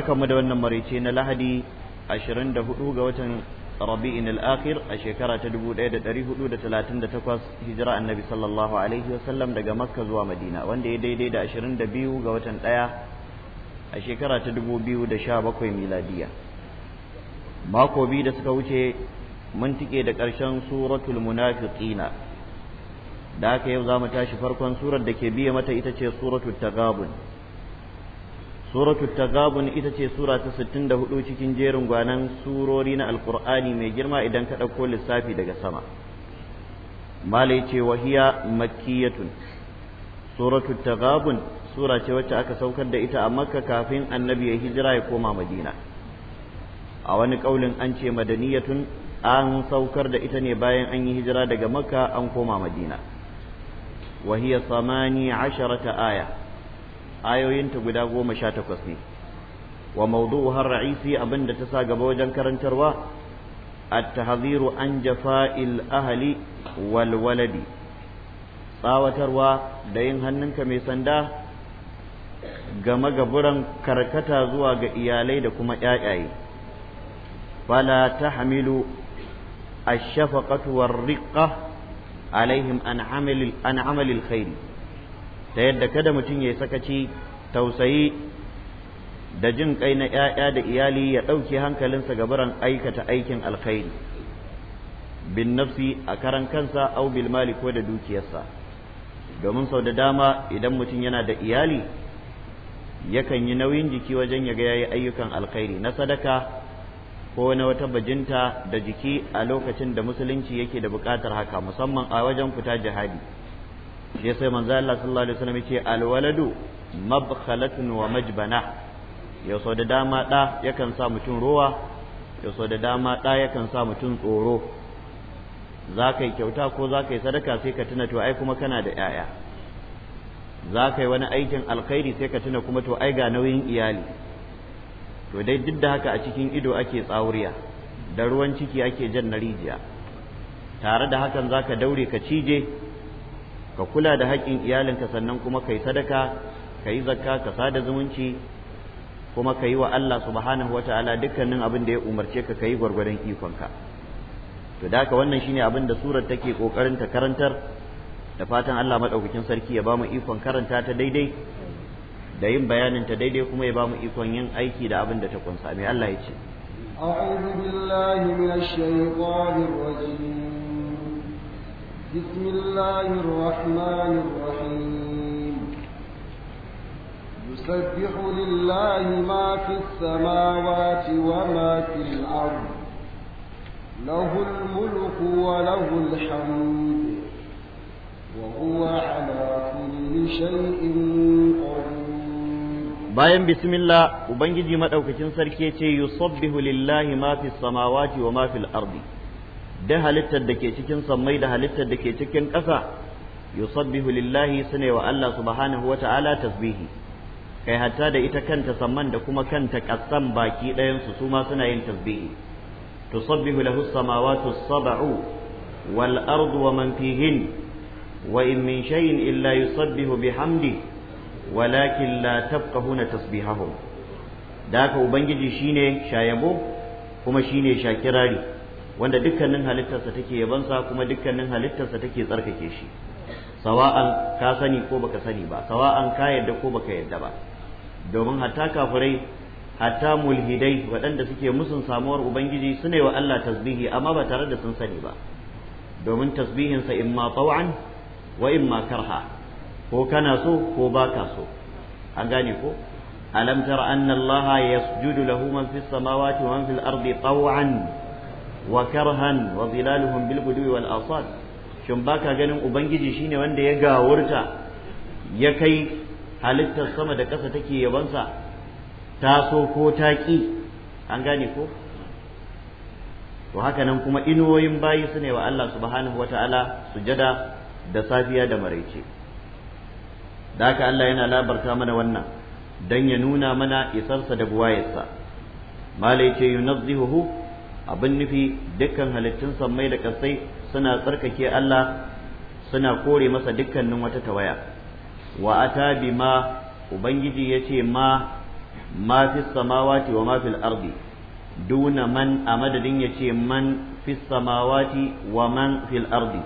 mu da wannan maraice na lahadi 24 ga watan rabi'in al-akhir a shekara ta 1438 hijira annabi sallallahu alaihi wasallam daga makka zuwa madina wanda ya daidai da 22 ga watan 1 a shekara ta 2017 miladiya mako biyu da suka wuce mun tike da ƙarshen suratul munafiqina da aka yau za mu tashi farkon surar da ke biye mata ita ce suratul tagabun suratul tagabun ita ce sura ta 64 cikin jerin gwanan surori na Alkur'ani mai girma idan ka ɗauko lissafi daga sama malai ce wahiya makkiyatun suratul tagabun sura ce wacce aka saukar da ita a makka kafin annabi ya hijira ya koma madina a wani kaulin an ce madaniyatun an saukar da ita ne bayan an yi hijira daga makka an koma madina wahiya samani asharata aya ayoyinta guda goma sha takwas ne wa maudu har raisi abinda ta sa gaba wajen karantarwa a tahziru an jafa'il ahli wal waladi tsawatarwa da yin hannunka mai sanda game gaburan karkata zuwa ga iyalai da kuma ƴaƴaye fala tahmilu a shafaqatu war-riqqah alaihim an amalil an khairi ta yadda kada mutum ya sakaci tausayi da jin kai na ‘ya'ya da iyali ya ɗauke hankalinsa ga gabaran aikata aikin alkhairi bin nafsi a karan kansa au bil mali ko da dukiyarsa domin sau da dama idan mutum yana da iyali yakan yi nauyin jiki wajen ya gaya ayyukan alkhairi na sadaka ko na wata bajinta da jiki a lokacin da musulunci yake da buƙatar haka musamman a wajen fita jihadi shi yasa manzo Allah sallallahu alaihi wasallam yace alwaladu mabkhalatun wa majbana yaso da dama da yakan sa mutum rowa yaso da dama da yakan sa mutum tsoro za ka yi kyauta ko za ka yi sadaka sai ka tuna to ai kuma kana da 'ya'ya za ka yi wani aikin alkhairi sai ka tuna kuma to ai ga nauyin iyali to dai duk da haka a cikin ido ake tsauriya da ruwan ciki ake jan na rijiya tare da hakan za ka daure ka cije ka kula da haƙƙin iyalinka sannan kuma kai sadaka ka zakka ka sada zumunci kuma ka wa Allah subhanahu wata'ala dukkanin abin da ya umarce ka ka yi gwargwadon ikonka to da haka wannan shine abin da surar take kokarin ta karantar da fatan Allah madaukakin sarki ya ba mu ikon karanta ta daidai da yin bayanin ta daidai kuma ya ba mu ikon yin aiki da abin da ta kunsa mai Allah ya ce أعوذ بالله من الشيطان الرجيم بسم الله الرحمن الرحيم يسبح لله ما في السماوات وما في الأرض له الملك وله الحمد وهو على كل شيء bayan bismillah ubangiji madaukakin sarki yace yusabbihu lillahi ma fi samawati wa ma fil ardi da halittar da ke cikin sammai da halittar da ke cikin ƙasa yusabbihu lillahi sune wa Allah subhanahu wa ta'ala tasbihi kai hatta da ita kanta samman da kuma kanta ƙasan baki ɗayan su su ma suna yin tasbihi tusabbihu lahu samawati sab'u wal ardu wa man fihin wa in min shay'in illa yusabbihu bihamdi walakin la tafqahuna tasbihahum da haka ubangiji shine shayabo kuma shine shakirari wanda dukkanin halittarsa take yabansa kuma dukkanin halittarsa take tsarkake shi sawa'an ka sani ko baka sani ba sawa'an ka yadda ko baka yadda ba domin hatta kafirai hatta mulhidai waɗanda suke musun samuwar ubangiji su ne wa Allah tasbihi amma ba tare da sun sani ba domin tasbihinsa imma taw'an wa imma karha ko kana so ko baka so an gane ko alam tara anna allaha yasjudu lahu man fis samawati wa man fil ardi taw'an wa karhan wa zilaluhum bil gudwi wal asad shin baka ganin ubangiji shine wanda ya gawurta ya kai halittar sama da ƙasa take yabansa ta so ko ta ƙi an gane ko to haka nan kuma inuwoyin bayi su ne wa Allah subhanahu wa sujada da safiya da maraice da haka Allah yana labarta mana wannan dan ya nuna mana isarsa da buwayarsa malai ce yunazzihuhu abin nufi dukkan halittun sammai da kasai suna tsarkake Allah suna kore masa dukkanin wata tawaya wa ata ma ubangiji yace ma ma fi samawati wa ma fil ardi duna man a madadin yace man fi samawati wa man fil ardi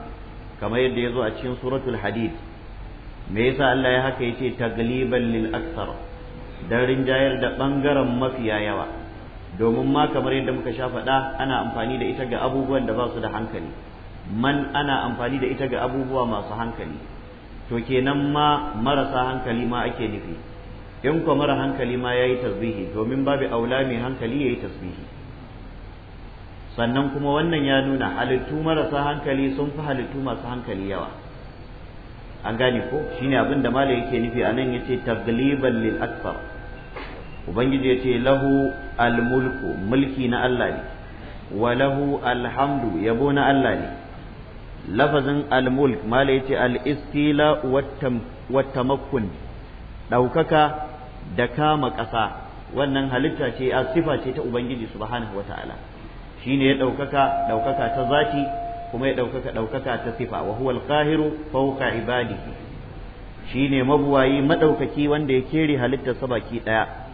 kamar yadda yazo a cikin suratul hadid me yasa Allah ya haka yace tagliban lil aksar dan rinjayar da bangaren mafiya yawa domin ma kamar yadda muka sha faɗa ana amfani da ita ga abubuwan da ba su da hankali man ana amfani da ita ga abubuwa masu hankali to kenan ma marasa hankali ma ake nufi in mara hankali ma ya yi tasbihi domin babu aula mai hankali ya yi tasbihi sannan kuma wannan ya nuna halittu marasa hankali sun fi halittu masu hankali yawa an gane ko shine abin da malai yake nufi anan yace tagliban lil akthar ubangiji ya ce lahu almulku mulki na Allah ne wa lahu alhamdu yabo na Allah ne lafazin almulk mala ya ce wa tamakkun ɗaukaka da kama ƙasa wannan halitta ce a sifa ce ta ubangiji subhanahu wata'ala shine ya ɗaukaka ɗaukaka ta zati kuma ya ɗaukaka ɗaukaka ta sifa wa huwa fauka ibadi fawqa ibadihi shine mabuwayi madaukaki wanda ya kere halittarsa baki daya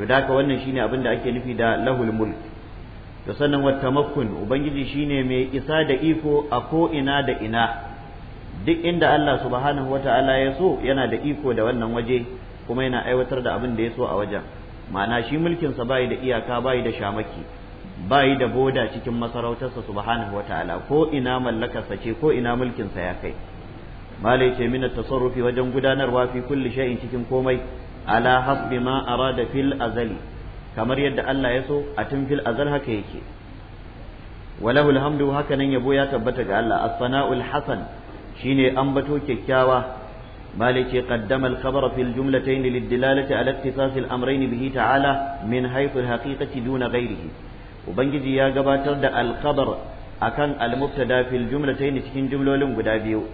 to da haka wannan shine abin da ake nufi da lahul mulk to sannan wa tamakkun ubangiji shine mai isa da iko a ko ina da ina duk inda Allah subhanahu wata'ala ya so yana da iko da wannan waje kuma yana aiwatar da abin da ya so a wajen ma'ana shi mulkin sa bai da iyaka bai da shamaki bai da boda cikin masarautarsa subhanahu wata'ala ko ina mallakarsa ce ko ina mulkin sa ya kai malai ce min tasarrufi wajen gudanarwa fi kulli shay'in cikin komai ala hasbi ma arada fil azali kamar yadda Allah ya so a tun fil azal haka yake walahul hamdu haka nan yabo ya tabbata ga Allah as-sana'ul hasan shine ambato kyakkyawa malike qaddama al-khabara fil jumlatayn lid-dilalati ala ittifas al-amrayn bihi ta'ala min haythu al-haqiqati duna ghayrihi ubangiji ya gabatar da al-khabar akan al-mubtada fil jumlatayn cikin jumlolin guda biyu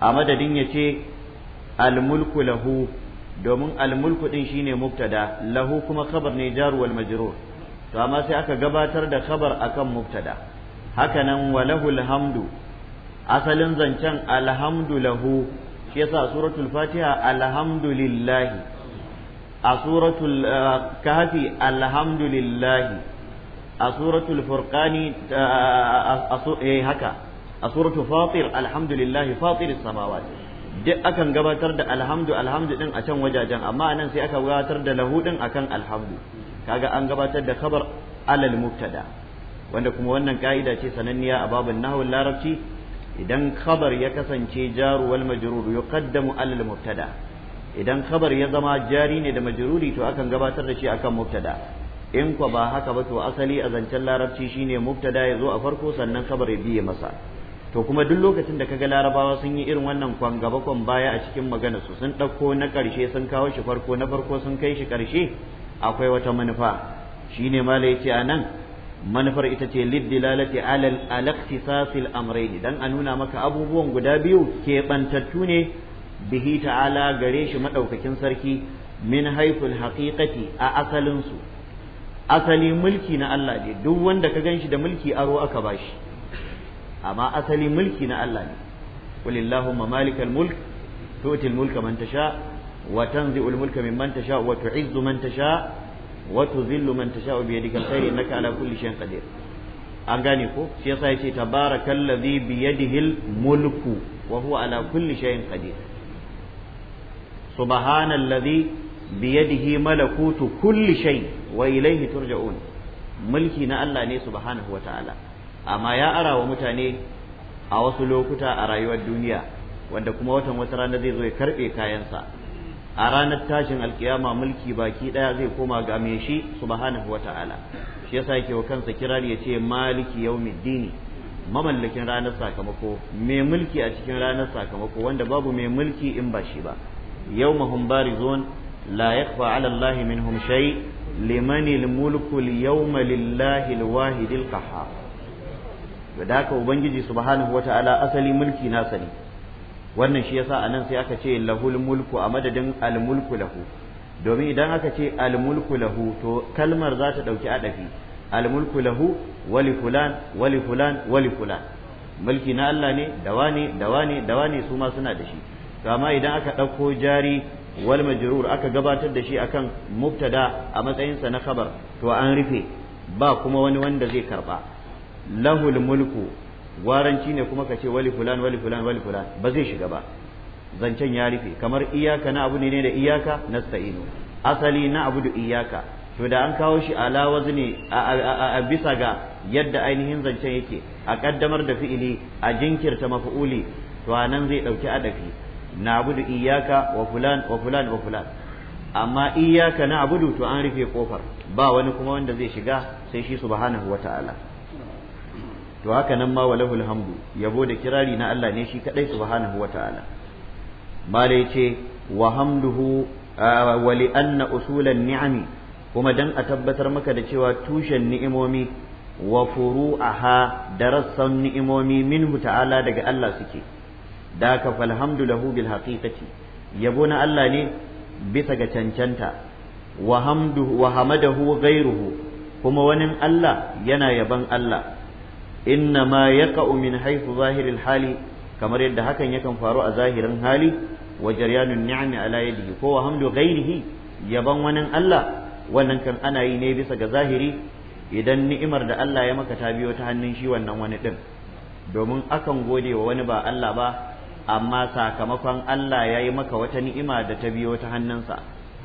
a madadin yace al-mulku lahu domin almulku din shine mubtada lahu kuma khabar ne jar wal majrur to amma sai aka gabatar da khabar akan mubtada haka nan walahul hamdu asalin zancen alhamdu lahu shi yasa suratul fatiha alhamdulillahi a suratul kahfi alhamdulillahi a suratul furqani haka a suratul fatir alhamdulillahi fatir samawati duk akan gabatar da alhamdu alhamdu din a can wajajen amma anan sai aka gabatar da lahu din akan alhamdu kaga an gabatar da khabar alal mubtada wanda kuma wannan ka'ida ce sananniya a babin nahwul larabci idan khabar ya kasance jaru wal majrur yuqaddamu alal mubtada idan khabar ya zama jari ne da majruri to akan gabatar da shi akan mubtada in kwa ba haka ba to asali a zancen larabci shine mubtada ya zo a farko sannan khabar ya biye masa to kuma duk lokacin da kaga larabawa sun yi irin wannan kwan gaba kwan baya a cikin magana su sun ɗauko na ƙarshe sun kawo shi farko na farko sun kai shi ƙarshe akwai wata manufa shine mala a nan manufar ita ce liddilalati alal alaktisasil amrayn dan a nuna maka abubuwan guda biyu keɓantattu ne bihi ta'ala gare shi maɗaukakin sarki min haiful haqiqati a asalinsu. asali mulki na Allah ne duk wanda ka ganshi da mulki aro aka bashi amma asali mulki na Allah ne qul illahumma malikal mulk tu'til mulka man tasha wa tanzi'ul mulka mimman tasha wa tu'izzu man tasha wa tuzillu man tasha bi yadikal khair innaka ala kulli shay'in qadir an gane ko shi yasa yace tabarakallazi bi yadihil mulku wa huwa ala kulli shay'in qadir subhanallazi bi yadihi malakutu kulli shay wa ilayhi turja'un mulki na Allah ne subhanahu wa ta'ala amma ya ara wa mutane a wasu lokuta a rayuwar duniya wanda kuma watan wata rana zai zo ya karbe kayansa a ranar tashin alkiyama mulki baki ɗaya zai koma ga mai shi subhanahu wata'ala shi yasa yake wa kansa kirar ya ce maliki yaumiddini mamallakin ranar sakamako mai mulki a cikin ranar sakamako wanda babu mai mulki in ba shi ba yawmahum barizun la yakhfa 'ala Allahi minhum shay limanil mulku al-yawma lillahi al-wahidil qahhar da haka ubangiji subhanahu wata'ala asali mulki nasa ne wannan shi yasa anan sai aka ce lahul mulku a madadin al mulku lahu domin idan aka ce al mulku lahu to kalmar za ta dauki adafi al mulku lahu wali fulan wali fulan wali fulan mulki na Allah ne dawa ne dawa ne dawa ne su ma suna da shi to amma idan aka dauko jari wal majrur aka gabatar da shi akan mubtada a matsayinsa na khabar to an rufe ba kuma wani wanda zai karba lahul mulku waranci ne kuma ka ce wali fulan wali fulan wali fulan ba zai shiga ba zancen ya rufe kamar iyaka na abu ne da iyaka nasta'inu asali na abu da iyaka to da an kawo shi ala wazni a bisa ga yadda ainihin zancen yake a kaddamar da fi'ili a jinkirta maf'uli to anan zai dauki adafi na abu da iyaka wa fulan wa fulan wa fulan amma iyaka na abudu to an rufe kofar ba wani kuma wanda zai shiga sai shi subhanahu wata'ala to haka nan ma walahul hamdu yabo da kirari na Allah ne shi kadai subhanahu wata'ala mala yace wa hamduhu wa li anna usulan ni'ami kuma dan a tabbatar maka da cewa tushen ni'imomi wa furu'aha da rassan ni'imomi minhu ta'ala daga Allah suke da ka falhamdu lahu bil haqiqati yabo na Allah ne bisa ga cancanta wa hamduhu wa hamadahu ghairuhu kuma wani Allah yana yaban Allah inna ma ya min haifu zahiril hali kamar yadda hakan yakan faru a zahirin hali wa jaryanun ni'ami ala yadihi ko wa hamdu ghairihi yaban wani Allah wannan kan ana yi ne bisa ga zahiri idan ni'imar da Allah ya maka ta biyo ta hannun shi wannan wani din domin akan gode wa wani ba Allah ba amma sakamakon Allah ya yi maka wata ni'ima da ta biyo ta hannunsa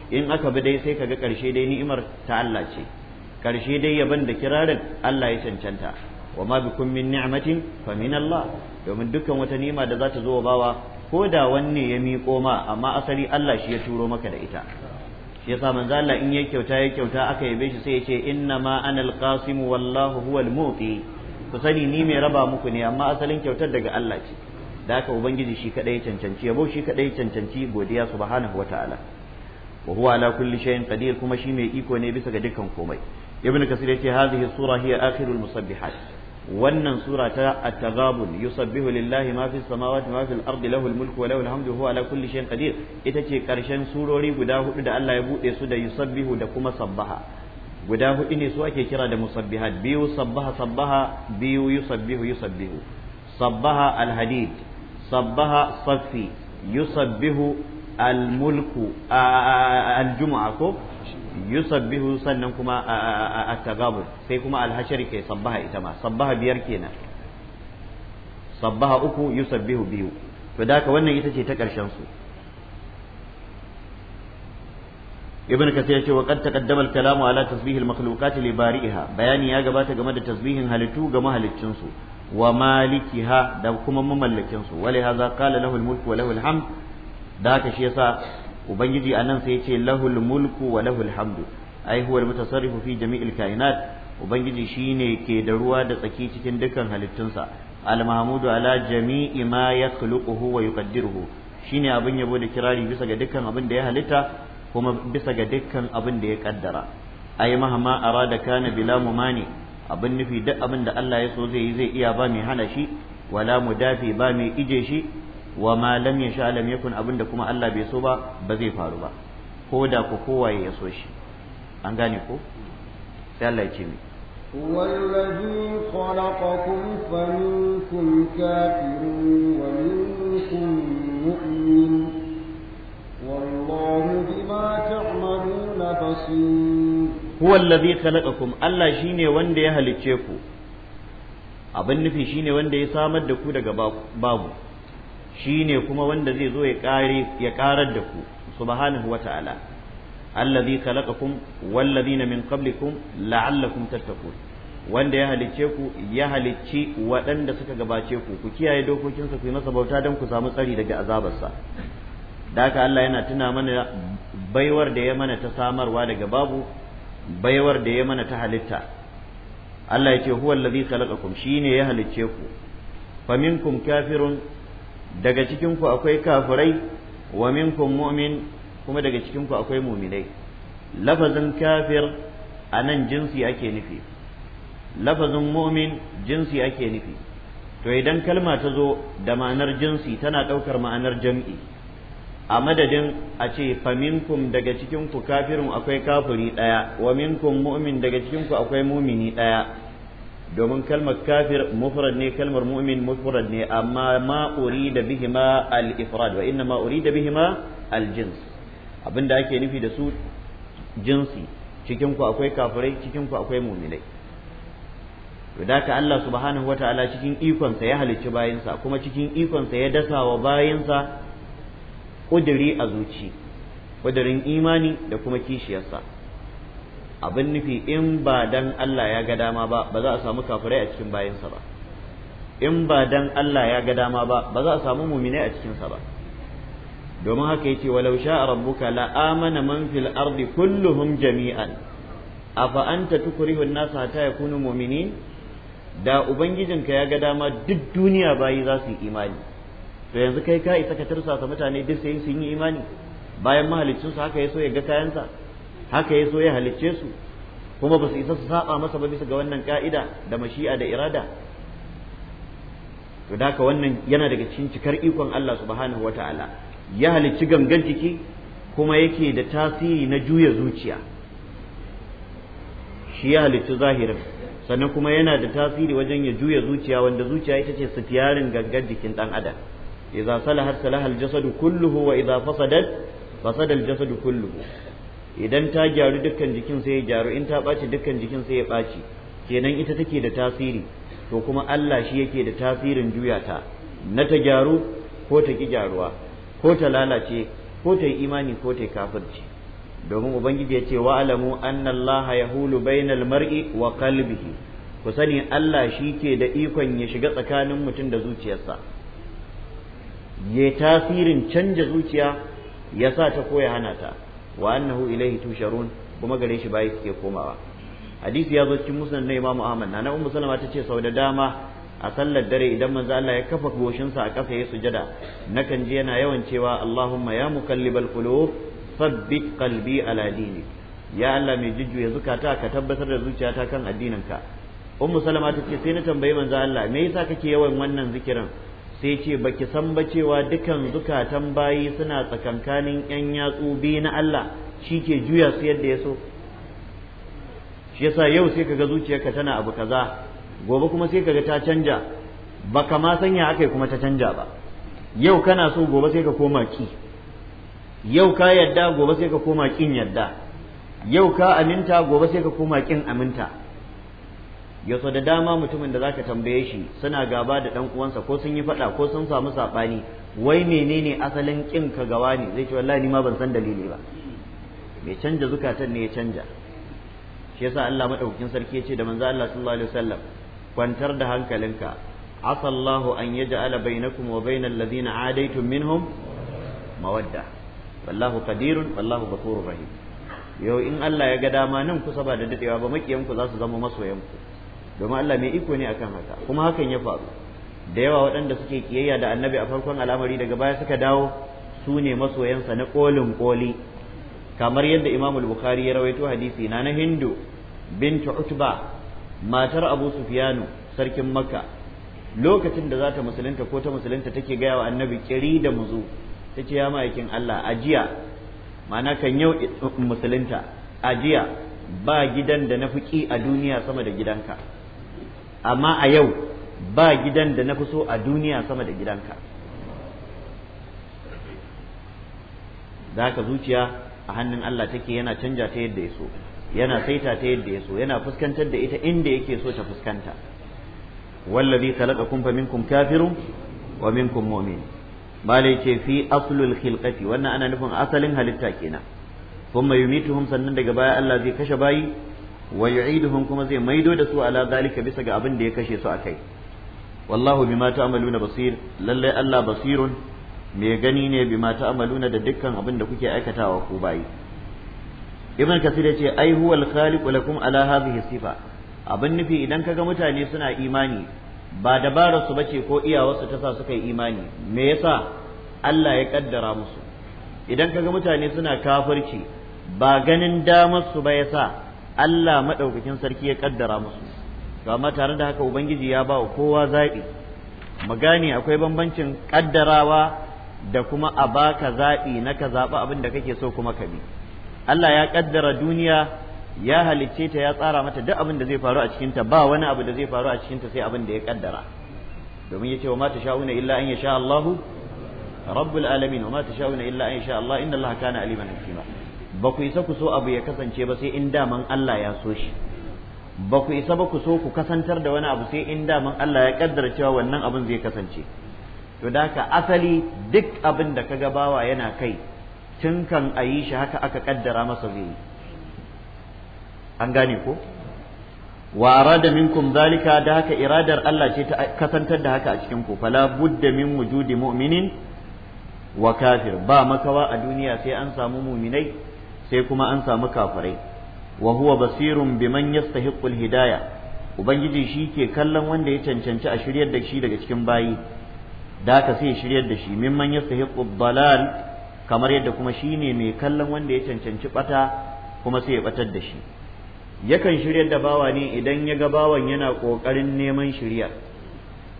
in aka bi dai sai kaga ƙarshe dai ni'imar ta Allah ce karshe dai yaban da kirarin Allah ya cancanta wa ma bikum min ni'matin fa min Allah domin dukkan wata ni'ima da za ta zo wa bawa ko da wanne ya miƙo ma amma asali Allah shi ya turo maka da ita shi yasa manzo Allah in ya kyauta ya kyauta aka yabe shi sai ya ce inna ma ana alqasim wallahu huwal ku sani ni mai raba muku ne amma asalin kyautar daga Allah ce da haka ubangiji shi kadai cancanci yabo shi kadai cancanci godiya subhanahu wataala wa huwa ala kulli shay'in qadir kuma shi mai iko ne bisa ga dukkan komai ibn kasir yace hadhihi sura hiya akhirul musabbihat wannan sura ta at-taghabun yusabbihu lillahi ma fis samawati ma fil ardi lahu al-mulku wa lahu al-hamdu huwa ala kulli shay'in qadir ita ce karshen surori guda hudu da Allah ya bude su da yusabbihu da kuma sabbaha guda hudu ne su ake kira da musabbihat biyu sabbaha sabbaha biyu yusabbihu yusabbihu sabbaha al-hadid sabbaha safi yusabbihu al-mulku al-jum'a ko yusabbihu sannan kuma at-tagabun sai kuma al-hashr ke sabbaha ita ma sabbaha biyar kenan sabbaha uku yusabbihu biyu to da wannan ita ce ta karshen su ibn kasir yace wa qad taqaddama al-kalam ala tasbih al-makhluqat li bari'iha bayani ya gabata game da tasbihin halittu ga mahaliccin su wa malikiha da kuma mamallakin su wali hadha qala lahu al-mulk wa lahu al-hamd da haka shi yasa ubangiji anan sai yace lahul mulku wa lahul hamdu ai huwa almutasarrifu fi jami'il kainat ubangiji shine ke da ruwa da tsaki cikin dukkan halittunsa almahmudu ala jami'i ma yakhluquhu wa yuqaddiruhu shine abin yabo da kirari bisa ga dukkan abin da ya halitta kuma bisa ga dukkan abin da ya kaddara ai mahama arada kana bila mumani abin nufi duk abin da Allah ya so zai yi zai iya ba mai hana shi wala mudafi ba mai ije shi wa ma lam yasha lam yakun abinda kuma Allah bai so ba ba zai faru ba ko da ku kowaye ya so shi an gane ko sai Allah ya ce mi والذي خلقكم فمنكم كافر ومنكم مؤمن والله بما تعملون بصير هو الذي خلقكم الله شيني وند ku abin nufi shine wanda ya samar da ku daga babu shine kuma wanda zai zo ya kare karar da ku subhanahu wata'ala allazi khalaqakum wallazina min qablikum la'allakum tattaqun wanda ya halicce ku ya halicci waɗanda suka gabace ku ku kiyaye dokokinsa ku yi masa bauta don ku samu tsari daga azabarsa da haka Allah yana tuna mana baiwar da ya mana ta samarwa daga babu baiwar da ya mana ta halitta Allah ya ce huwa allazi khalaqakum shine ya halicce ku faminkum kafirun daga cikin ku akwai kafirai wa minkum mu'min kuma daga cikin ku akwai mu'minai lafazin kafir a nan jinsi ake nufi lafazin mu'min jinsi ake nufi to idan kalma ta zo da ma'anar jinsi tana ɗaukar ma'anar jam'i a madadin a ce faminkum daga cikinku kafirun akwai kafiri ɗaya wa minkum mu'min daga cikinku akwai mumini ɗaya domin kalmar kafir mufrad ne kalmar mu'min mufrad ne amma ma urida bihima al-ifrad wa inna ma urida bihima al-jins abinda ake nufi da su jinsi cikin ku akwai kafirai cikin ku akwai mu'minai ka Allah subhanahu wata'ala cikin ikonsa ya halicci bayinsa kuma cikin ikonsa ya dasa wa bayinsa kuduri a zuci kudurin imani da kuma kishiyarsa abin nufi in ba dan Allah ya ga dama ba ba za a samu kafirai a cikin bayansa ba in ba dan Allah ya ga dama ba ba za a samu muminai a cikinsa ba domin haka yace walau sha'a rabbuka la amana man fil ardi kulluhum jami'an afa anta tukrihu an-nasa hatta yakunu mu'minin da ubangijinka ya ga dama duk duniya bayi za su yi imani to yanzu kai ka isa ka mutane duk sai sun yi imani bayan mahaliccinsu haka ya so ya ga kayansa haka ya so ya halicce su kuma ba su isa su saba masa ba bisa ga wannan ka'ida da mashi'a da irada to da wannan yana daga cikin cikar ikon Allah subhanahu wata'ala ya halicci gangan jiki kuma yake da tasiri na juya zuciya shi ya halicci zahirin sannan kuma yana da tasiri wajen ya juya zuciya wanda zuciya ita ce sitiyarin gangan jikin dan adam idza salaha salaha al-jasadu kulluhu wa idza fasadat fasada al-jasadu kulluhu idan ta gyaru dukkan jikin sai ya gyaru in ta ɓaci dukkan jikin sai ya ɓaci kenan ita take da tasiri to kuma Allah shi yake da tasirin juya ta na ta gyaru ko ta ki gyaruwa ko ta lalace ko ta yi imani ko ta yi kafirci domin ubangiji ya ce wa alamu anna Allah yahulu bainal mar'i wa qalbihi ku sani Allah shi ke da ikon ya shiga tsakanin mutum da zuciyarsa ya tasirin canja zuciya ya sa ta ko ya hana ta wa annahu ilayhi tusharun kuma gare shi bai suke komawa hadisi ya zo cikin musnad na imamu ahmad na ummu salama ta ce sau da dama a sallar dare idan manzo Allah ya kafa goshinsa a ƙasa ya sujada kan je yana yawan cewa Allahumma ya mukallibal qulub sabbit qalbi ala dini ya Allah mai jujjuya zukata ka tabbatar da zuciyata kan addininka ummu salama tace sai na tambayi manzo Allah me yasa kake yawan wannan zikirin sai ce ba ki san ba cewa dukan zukatan bayi suna tsakankanin yan yatsu biyu na Allah shi ke juya su yadda ya so shi yasa yau sai kaga zuciyarka tana abu kaza gobe kuma sai kaga ta canja ka ma sanya yi kuma ta canja ba yau kana so gobe sai ka koma ki yau ka yadda gobe sai ka koma kin yadda yau ka aminta gobe sai ka koma kin aminta Yausa da dama mutumin da zaka tambaye shi suna gaba da dan uwansa ko sun yi faɗa ko sun samu saɓani wai menene asalin kin ka gawa ne zai ce wallahi ni ma ban san dalili ba mai canja zukatan ne ya canja shi yasa Allah madaukakin sarki ya ce da manzo Allah sallallahu alaihi wasallam kwantar da hankalinka asa Allahu an yaj'ala bainakum wa bainal ladina adaitum minhum mawadda wallahu qadirun wallahu ghafurur rahim yau in Allah ya ga dama nan kusa ba da dadewa ba makiyanku za su zama masoyanku domin Allah mai iko ne akan haka kuma hakan ya faru da yawa waɗanda suke kiyayya da annabi a farkon al'amari daga baya suka dawo su ne masoyansa na kolin koli kamar yadda Imam Bukhari ya rawaito hadisi na na Hindu bintu Utba matar Abu Sufyanu sarkin Makka lokacin da za ta musulunta ko ta musulunta take gaya wa annabi kiri da muzu ta ce ya ma'aikin Allah ajiya ma'ana kan yau musulunta ajiya ba gidan da na fi a duniya sama da gidanka amma a yau ba gidan da na so a duniya sama da gidanka da haka zuciya a hannun Allah take yana canja ta yadda ya so yana saita ta yadda ya so yana fuskantar da ita inda yake so ta fuskanta wallazi khalaqakum fa minkum kafirun wa minkum mu'min malai ce fi aslul khilqati wannan ana nufin asalin halitta kenan kuma yumituhum sannan daga baya Allah zai kashe bayi wa yu'iduhum kuma zai maido da su ala zalika bisa ga abin da ya kashe su akai wallahu bima ta'maluna basir lalle Allah basirun Me gani ne bima ta'maluna da dukkan abin da kuke aikatawa ku bayi ibn kasir yace ai huwa al-khaliqu lakum ala hadhihi sifa abin nufi idan kaga mutane suna imani ba dabara su bace ko iyawarsu ta sa suka yi imani me yasa Allah ya kaddara musu idan kaga mutane suna kafirci ba ganin damar su ba yasa Allah maɗaukakin sarki ya ƙaddara musu to amma tare da haka ubangiji ya ba kowa zaɓi mu gane akwai bambancin ƙaddarawa da kuma a baka zaɓi na ka zaɓi abin da kake so kuma ka bi Allah ya ƙaddara duniya ya halicce ta ya tsara mata duk abin da zai faru a cikinta ba wani abu da zai faru a cikinta sai abin da ya ƙaddara domin ya ce wa ma sha'una illa an yasha Allahu rabbul alamin wa ma sha'una illa an yasha Allah inna Allah kana aliman hakima ba ku isa ku so abu ya kasance ba sai in daman Allah ya so shi ba ku isa ba ku so ku kasantar da wani abu sai in daman Allah ya kaddara cewa wannan abin zai kasance to da haka asali duk abin da kaga bawa yana kai tun kan a yi shi haka aka kaddara masa zai yi an gane ko wa arada minkum zalika da haka iradar Allah ce ta kasantar da haka a cikin ku fala budda min wujudi mu'minin wa kafir ba makawa a duniya sai an samu muminai sai kuma an samu kafirai wa huwa basirun biman yastahiqul hidaya ubangiji shi ke kallon wanda ya cancanci a shiryar da shi daga cikin bayi da ka sai shiryar da shi mimman yastahiqul dalal kamar yadda kuma shi ne mai kallon wanda ya cancanci bata kuma sai ya batar da shi yakan shiryar da bawa ne idan ya ga bawan yana kokarin neman shiryar,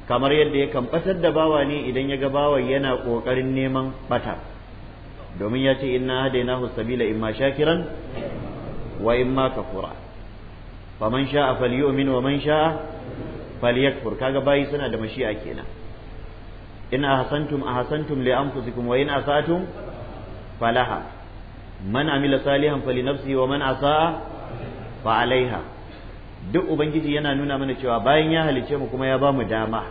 kamar yadda yakan batar da bawa ne idan ya ga bawan yana kokarin neman bata domin ya ce inna hadainahu sabila imma shakiran wa imma kafura faman sha'a falyu'min wa man sha'a falyakfur kaga bayi suna da mashi'a kenan in ahsantum ahsantum li anfusikum wa in asatum falaha man amila salihan nafsi wa man asaa fa alaiha duk ubangiji yana nuna mana cewa bayan ya halice mu kuma ya ba mu dama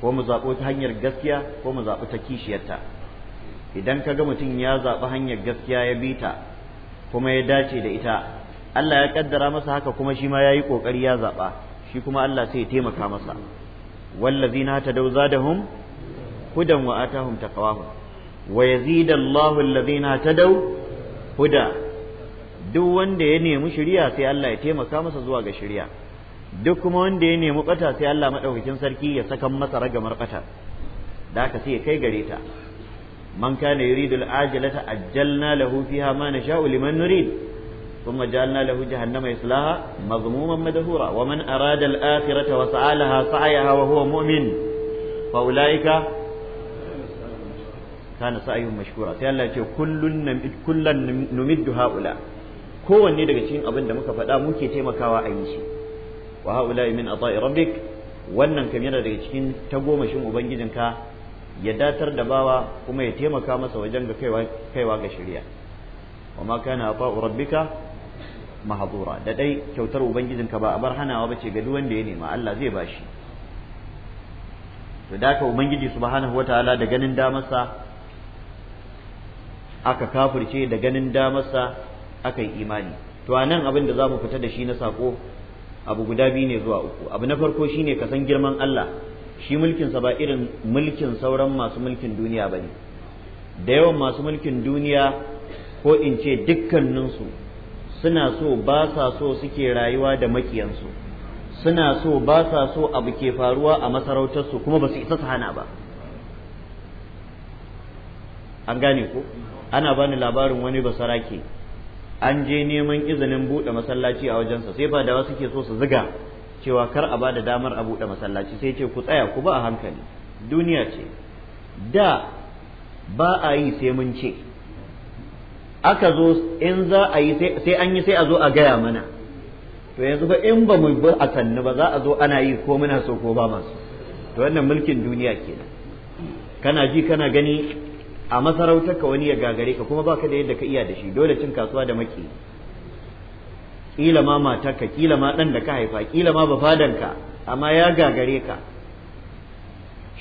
ko mu zaɓo ta hanyar gaskiya ko mu zaɓi ta kishiyarta idan ka ga mutum ya zaɓi hanyar gaskiya ya bi ta kuma ya dace da ita Allah ya kaddara masa haka kuma shi ma ya yi ƙoƙari ya zaɓa shi kuma Allah sai ya taimaka masa wallazina tadaw zadahum hudan wa ta taqwahum wa yazidallahu allazina tadaw huda duk wanda ya nemi shirya sai Allah ya taimaka masa zuwa ga shirya, duk kuma wanda ya nemi bata sai Allah madaukakin sarki ya saka masa ragamar bata da haka sai ya kai gare ta man kana yuridu al-ajilata ajjalna lahu fiha ma nasha'u liman nurid ثم جعلنا له جهنم يصلاها مذموما مدهورا ومن أراد الآخرة وسعى لها سعيها وهو مؤمن فأولئك كان سعيهم مشكورا سيالا كل كلا نمد هؤلاء kowanne daga cikin abinda muka faɗa muke taimakawa a yi shi wa min rabbik wannan kam yana daga cikin tagomashin ubangijinka ya datar da bawa kuma ya taimaka masa wajen ga kaiwa ga shirya wa ma kana fa'u rabbika mahadura da dai kyautar ubangijinka ba a bar hanawa bace ga duk wanda ya nema Allah zai bashi to da ka ubangiji subhanahu wataala da ganin damarsa aka kafirce da ganin damarsa aka yi imani to a abin da za mu fita da shi na sako abu guda biyu ne zuwa uku abu na farko shine ka san girman Allah shi mulkinsa ba irin mulkin sauran masu mulkin duniya bane, da yawan masu mulkin duniya ko in ce dukkaninsu suna so ba sa so suke rayuwa da makiyansu suna so ba sa so abu ke faruwa a masarautarsu kuma ba su isa su hana ba an gane ko ana bani labarin wani basarake an je neman izinin buɗe masallaci a wajensa sai fadawa suke so su ziga cewa kar a bada damar a buɗe masallaci sai ce ku tsaya ku ba a hankali duniya ce da ba a yi sai mun ce aka zo in za a yi sai an yi sai a zo a gaya mana to yanzu ba in ba mu bi a sannu ba za a zo ana yi ko muna so ko ba masu to wannan mulkin duniya kenan kana ji kana gani a masarautar ka wani ya gagare ka kuma baka da yadda ka iya da shi dole cin kasuwa da maki kila ma matarka kila ma ɗan da ka haifa kila ma bafadanka amma ya gagare ka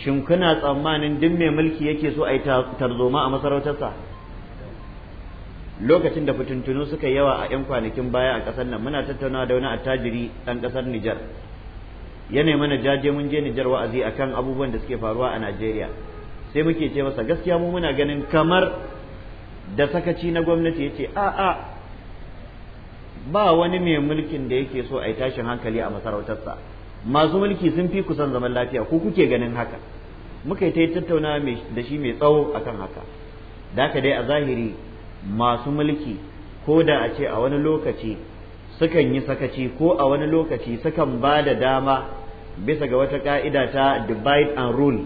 shin kuna tsammanin duk mai mulki yake so a yi tarzoma a masarautarsa lokacin da fitintunu suka yawa a 'yan kwanakin baya a ƙasar nan muna tattauna da wani attajiri ɗan ƙasar Nijar yanayi mana jaje mun je Nijar wa'azi akan abubuwan da suke faruwa a Najeriya sai muke ce masa gaskiya mu muna ganin kamar da sakaci na gwamnati yace a a ba wani mai mulkin da yake so a yi tashin hankali a masarautarsa masu mulki sun fi kusan zaman lafiya ko kuke ganin haka muka yi ta tattauna da shi mai tsawo a kan haka da haka dai a zahiri masu mulki ko da a ce a wani lokaci sukan yi sakaci ko a wani lokaci sukan ba da dama bisa ga wata ka'ida ta divide and rule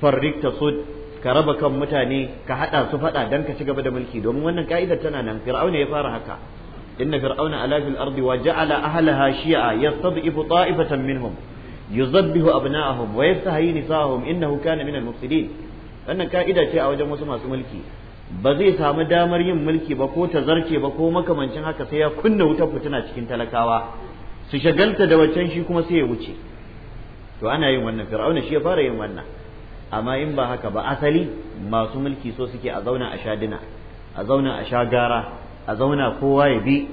farrik tasud ka raba kan mutane ka haɗa su faɗa don ka ci gaba da mulki domin wannan ka'idar tana nan fir'auna ya fara haka inna fir'auna ala fil ardi wa ja'ala ahlaha shi'a yastad'ifu ta'ifatan minhum yuzabbihu abna'ahum wa yastahyi nisa'ahum innahu hukana minal mufsidin wannan ka'ida ce a wajen wasu masu mulki ba zai samu damar yin mulki ba ko zarce ba ko makamancin haka sai ya kunna wuta fituna cikin talakawa su shagalta da waccan shi kuma sai ya wuce to ana yin wannan fir'auna shi ya fara yin wannan amma in ba haka ba asali masu mulki so suke a zauna a sha dina a zauna a sha gara a zauna kowa ya bi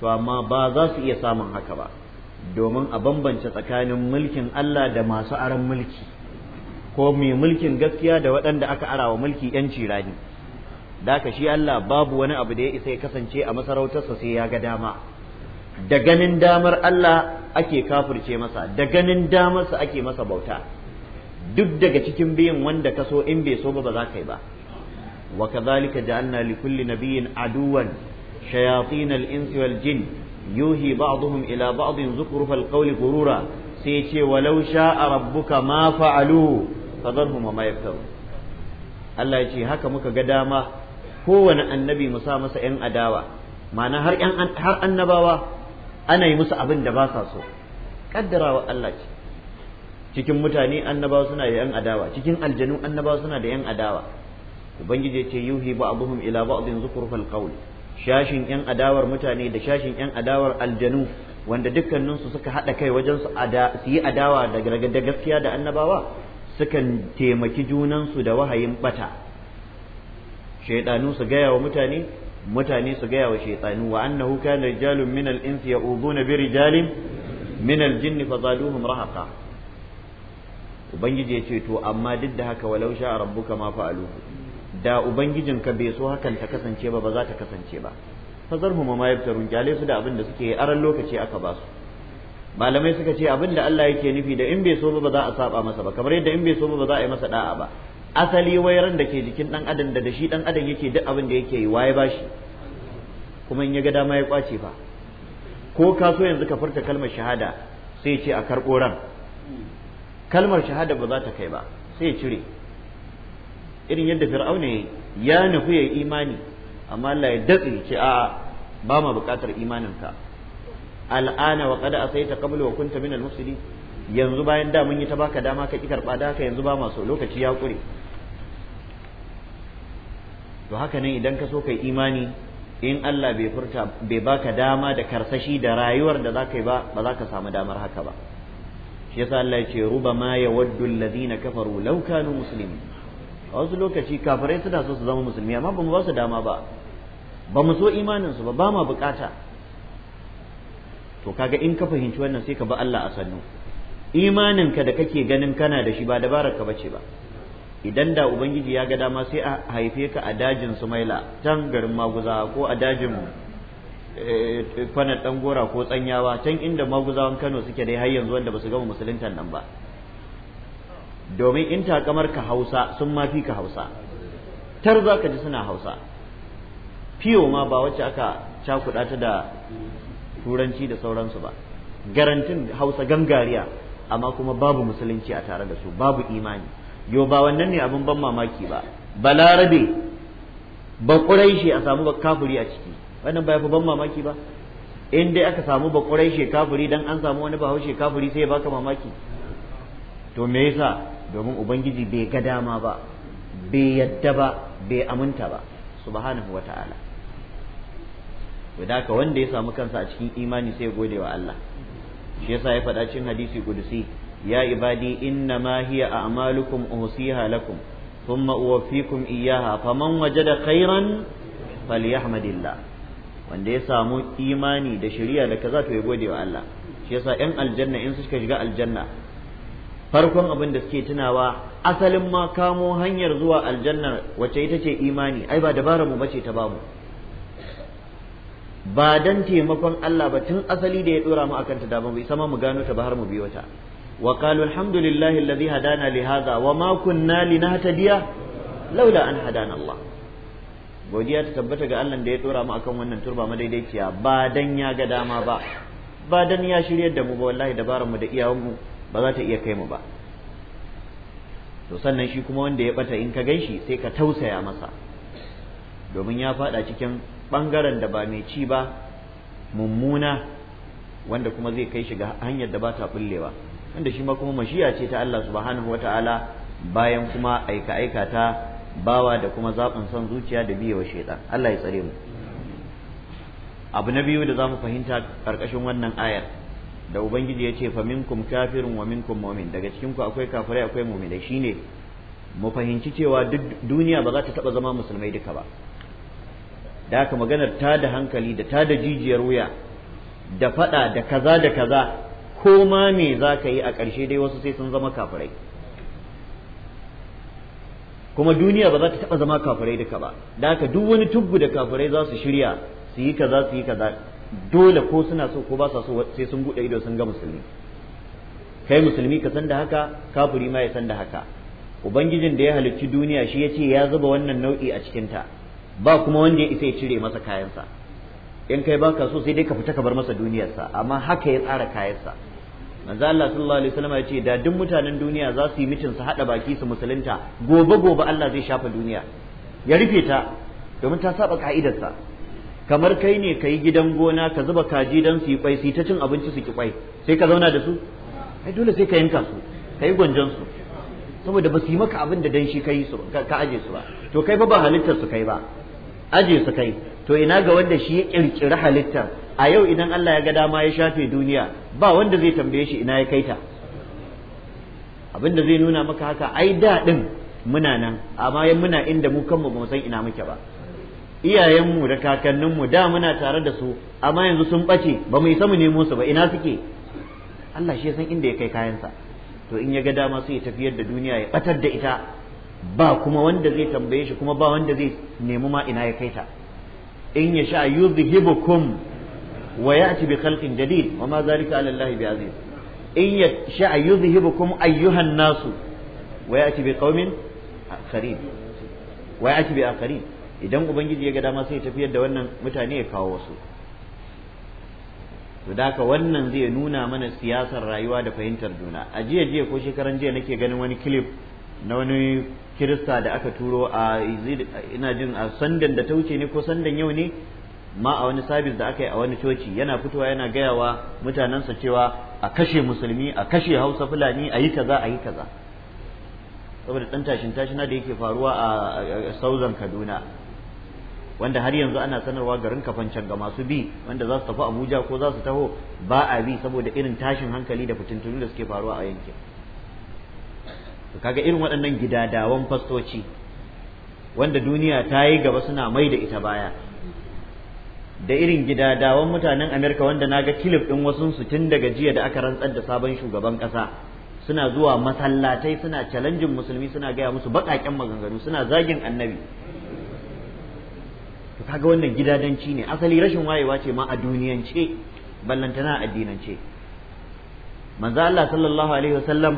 to amma ba za su iya samun haka ba domin a bambance tsakanin mulkin Allah da masu aron mulki ko mai mulkin gaskiya da waɗanda aka arawa mulki yanci rani da ka shi Allah babu wani abu da ya isa ya kasance a masarautarsa sai ya ga dama da ganin damar Allah ake kafirce masa da ganin damarsa ake masa bauta duk daga cikin biyan wanda ka so in bai so ba ba za ka yi ba وكذلك جعلنا لكل نبي عدوا شياطين الإنس والجن يوهي بعضهم إلى بعض زخرف القول غرورا سيتي ولو شاء ربك ما فعلوه فذرهم وما يفترون الله يتي هكا مكا قداما هو النبي مسامس إن أداوة ma'ana har har annabawa ana yi musu abin da ba sa so kaddarawa Allah ce cikin mutane annabawa suna da yan adawa cikin aljanu annabawa suna da yan adawa ubangiji ya ce yuhi ba'dhum ila ba'dhin zukhrufal qawl shashin yan adawar mutane da shashin yan adawar aljanu wanda dukkaninsu suka haɗa kai wajen su yi adawa da gaskiya da annabawa sukan taimaki junansu da wahayin bata shaidanu su gaya wa mutane mutane su gaya wa shaidanu wa annahu kana rijalun min al-ins ya'uduna bi rijalin min al-jinni fazaduhum rahaqa ubangiji ya ce to amma duk da haka walau sha rabbuka ma fa'aluhu da ubangijinka bai so hakan ta kasance ba ba za ta kasance ba huma ma yabtarun jale su da abin da suke aran lokaci aka ba su malamai suka ce abin da Allah yake nufi da in bai so ba za a saba masa ba kamar yadda in bai so ba za a yi masa da'a ba asali wayaran da ke jikin dan adam da da shi dan adam yake duk abin da yake yi waye bashi kuma in ya ga dama ya kwace fa ko ka so yanzu ka furta kalmar shahada sai ce a karɓo ran kalmar shahada ba za ta kai ba sai ya cire irin yadda fir'auna ya nufi ya imani amma Allah ya datse ce a ba ma buƙatar imaninka al'ana wa qad asaita qabla wa kunta minal mufsidin yanzu bayan da mun yi ta baka dama ka ki karba da yanzu ba masu lokaci ya kure to haka ne idan ka so kai imani in Allah bai furta bai baka dama da karsashi da rayuwar da zaka yi ba ba za ka samu damar haka ba shi yasa Allah ya ce rubama yawaddu alladhina kafaru law kanu muslimin a wasu lokaci kafirai suna so su zama musulmi amma ba mu ba su dama ba ba mu so imanin su ba ba ma bukata to kaga in ka fahimci wannan sai ka bi Allah a sannu imanin ka da kake ganin kana da shi ba dabarar ka bace ba idan da ubangiji ya ga dama sai a haife ka a dajin sumaila can garin maguza ko a dajin kwanan eh, Ɗangora ko tsanyawa can inda maguzawan kano suke dai har yanzu wanda ba su gama musulunta nan ba domin in takamar ka hausa sun ma fi ka hausa tar za ka ji suna hausa fiyo ma ba wacce aka cakuɗa ta da turanci da sauransu ba garantin hausa gangariya amma kuma babu musulunci a tare da su babu imani yo ba wannan ne abin ban mamaki ba balarabe ba a samu ba a ciki wannan ba ya fi ban mamaki ba in dai aka samu ba kafuri dan an samu wani bahaushe kafuri sai ya baka mamaki to me yasa domin ubangiji bai ga dama ba bai yadda ba bai aminta ba subhanahu wa ta'ala wadaka wanda ya samu kansa a cikin imani sai gode wa Allah shi yasa ya faɗa cin hadisi kudusi ya ibadi inna ma hiya a'malukum uhsiha lakum thumma uwaffikum iyyaha faman wajada khairan falyahmadillah wanda ya samu imani da shari'a da kaza to ya gode wa Allah shi yasa yan aljanna in suka shiga aljanna farkon abin da suke tunawa asalin ma kamo hanyar zuwa aljannar wacce ita ce imani ai ba dabara mu bace ta bamu ba dan taimakon Allah ba tun asali da ya dora mu akan ta da isa ma mu gano ta ba har mu biyo ta wa qalu alhamdulillahi alladhi hadana li hadha wa ma kunna linahtadiya laula an hadana Allah godiya ta tabbata ga Allah da ya dora mu akan wannan turba madaidaiciya ba dan ya ga dama ba ba dan ya shiryar da mu ba wallahi dabaran mu da iyawan mu ba za ta iya kai mu ba to sannan shi kuma wanda ya bata in ka shi sai ka tausaya masa domin ya fada cikin bangaren da ba mai ci ba mummuna wanda kuma zai kai shi ga hanyar da ba ta bullewa wanda shi ma kuma mashiya ce ta Allah subhanahu wataala bayan kuma aika aika ta bawa da kuma zaɓin son zuciya da biyewa shaitan Allah ya tsare mu abu na biyu da zamu fahimta karkashin wannan ayar da ubangiji ya ce fa minkum kafirun wa minkum mu'min daga cikin ku akwai kafirai akwai mu'minai shine mu fahimci cewa duk duniya ba za ta taba zama musulmai duka ba da haka maganar ta da hankali da ta da jijiyar wuya da fada da kaza da kaza ko ma me za ka yi a ƙarshe dai wasu sai sun zama kafirai kuma duniya ba za ta taba zama kafirai duka ba da haka duk wani tubu da kafirai za su shirya su yi kaza su yi kaza dole ko suna so ko ba sa so sai sun bude ido sun ga musulmi kai musulmi ka san da haka kafiri ma ya san da haka ubangijin da ya halicci duniya shi ya ce ya zuba wannan nau'i a cikinta ba kuma wanda ya isa ya cire masa kayansa in kai baka so sai dai ka fita ka bar masa duniyarsa amma haka ya tsara kayansa manzo Allah sallallahu alaihi wasallam ya ce da duk mutanen duniya za su yi mitin su hada baki su musulunta gobe gobe Allah zai shafa duniya ya rufe ta domin ta saba ka'idarsa kamar kai ne ka yi gidan gona ka zuba kaji don su yi kwai su ta cin abinci su ki kwai sai ka zauna da su ai dole sai ka yanka su ka yi gwanjon su saboda ba su yi maka abin da danshi ka yi su ka aje su ba to kai ba ba halittar su kai ba aje su kai to ina ga wanda shi ya kirkiri halittar a yau idan Allah ya ga dama ya shafe duniya ba wanda zai tambaye shi ina ya kai ta abin da zai nuna maka haka ai da din muna nan amma muna inda mu kanmu ba mu san ina muke ba iyayenmu da kakanninmu da muna tare da su amma yanzu sun ɓace ba mu isa mu nemo su ba ina suke Allah shi ya san inda ya kai kayansa to in ya ga dama sai ya tafiyar da duniya ya ɓatar da ita ba kuma wanda zai tambaye shi kuma ba wanda zai nemi ma ina ya kai ta in ya sha yuzhibukum wa ya'ti bi khalqin jadid wa ma zalika 'ala Allah bi aziz in ya sha yuzhibukum ayyuhan nasu wa ya'ti bi qaumin akharin wa ya'ti bi akharin idan ubangiji ya ga dama sai tafiyar da wannan mutane ya kawo wasu to haka wannan zai nuna mana siyasar rayuwa da fahimtar juna a jiya jiya ko shekaran jiya nake ganin wani clip na wani kirista da aka turo a ina jin a sandan da ta wuce ne ko sandan yau ne ma a wani sabis da aka yi a wani coci yana fitowa yana gayawa mutanensa cewa a kashe musulmi a kashe hausa fulani a yi kaza a yi kaza saboda ɗan tashin tashina da yake faruwa a sauzan kaduna wanda har yanzu ana sanarwa garin kafancan ga masu bi wanda za su tafi abuja ko za su taho ba a bi saboda irin tashin hankali da fitintunu da suke faruwa a yankin to kaga irin waɗannan gidadawan fastoci wanda duniya ta yi gaba suna mai da ita baya da irin gidadawan mutanen amerika wanda na ga kilif ɗin wasu su tun daga jiya da aka rantsar da sabon shugaban ƙasa suna zuwa masallatai suna calanjin musulmi suna gaya musu baƙaƙen maganganu suna zagin annabi kaga wannan gidadanci ne asali rashin wayewa ce ma a duniyance ballantana a addinance manzo Allah sallallahu alaihi wasallam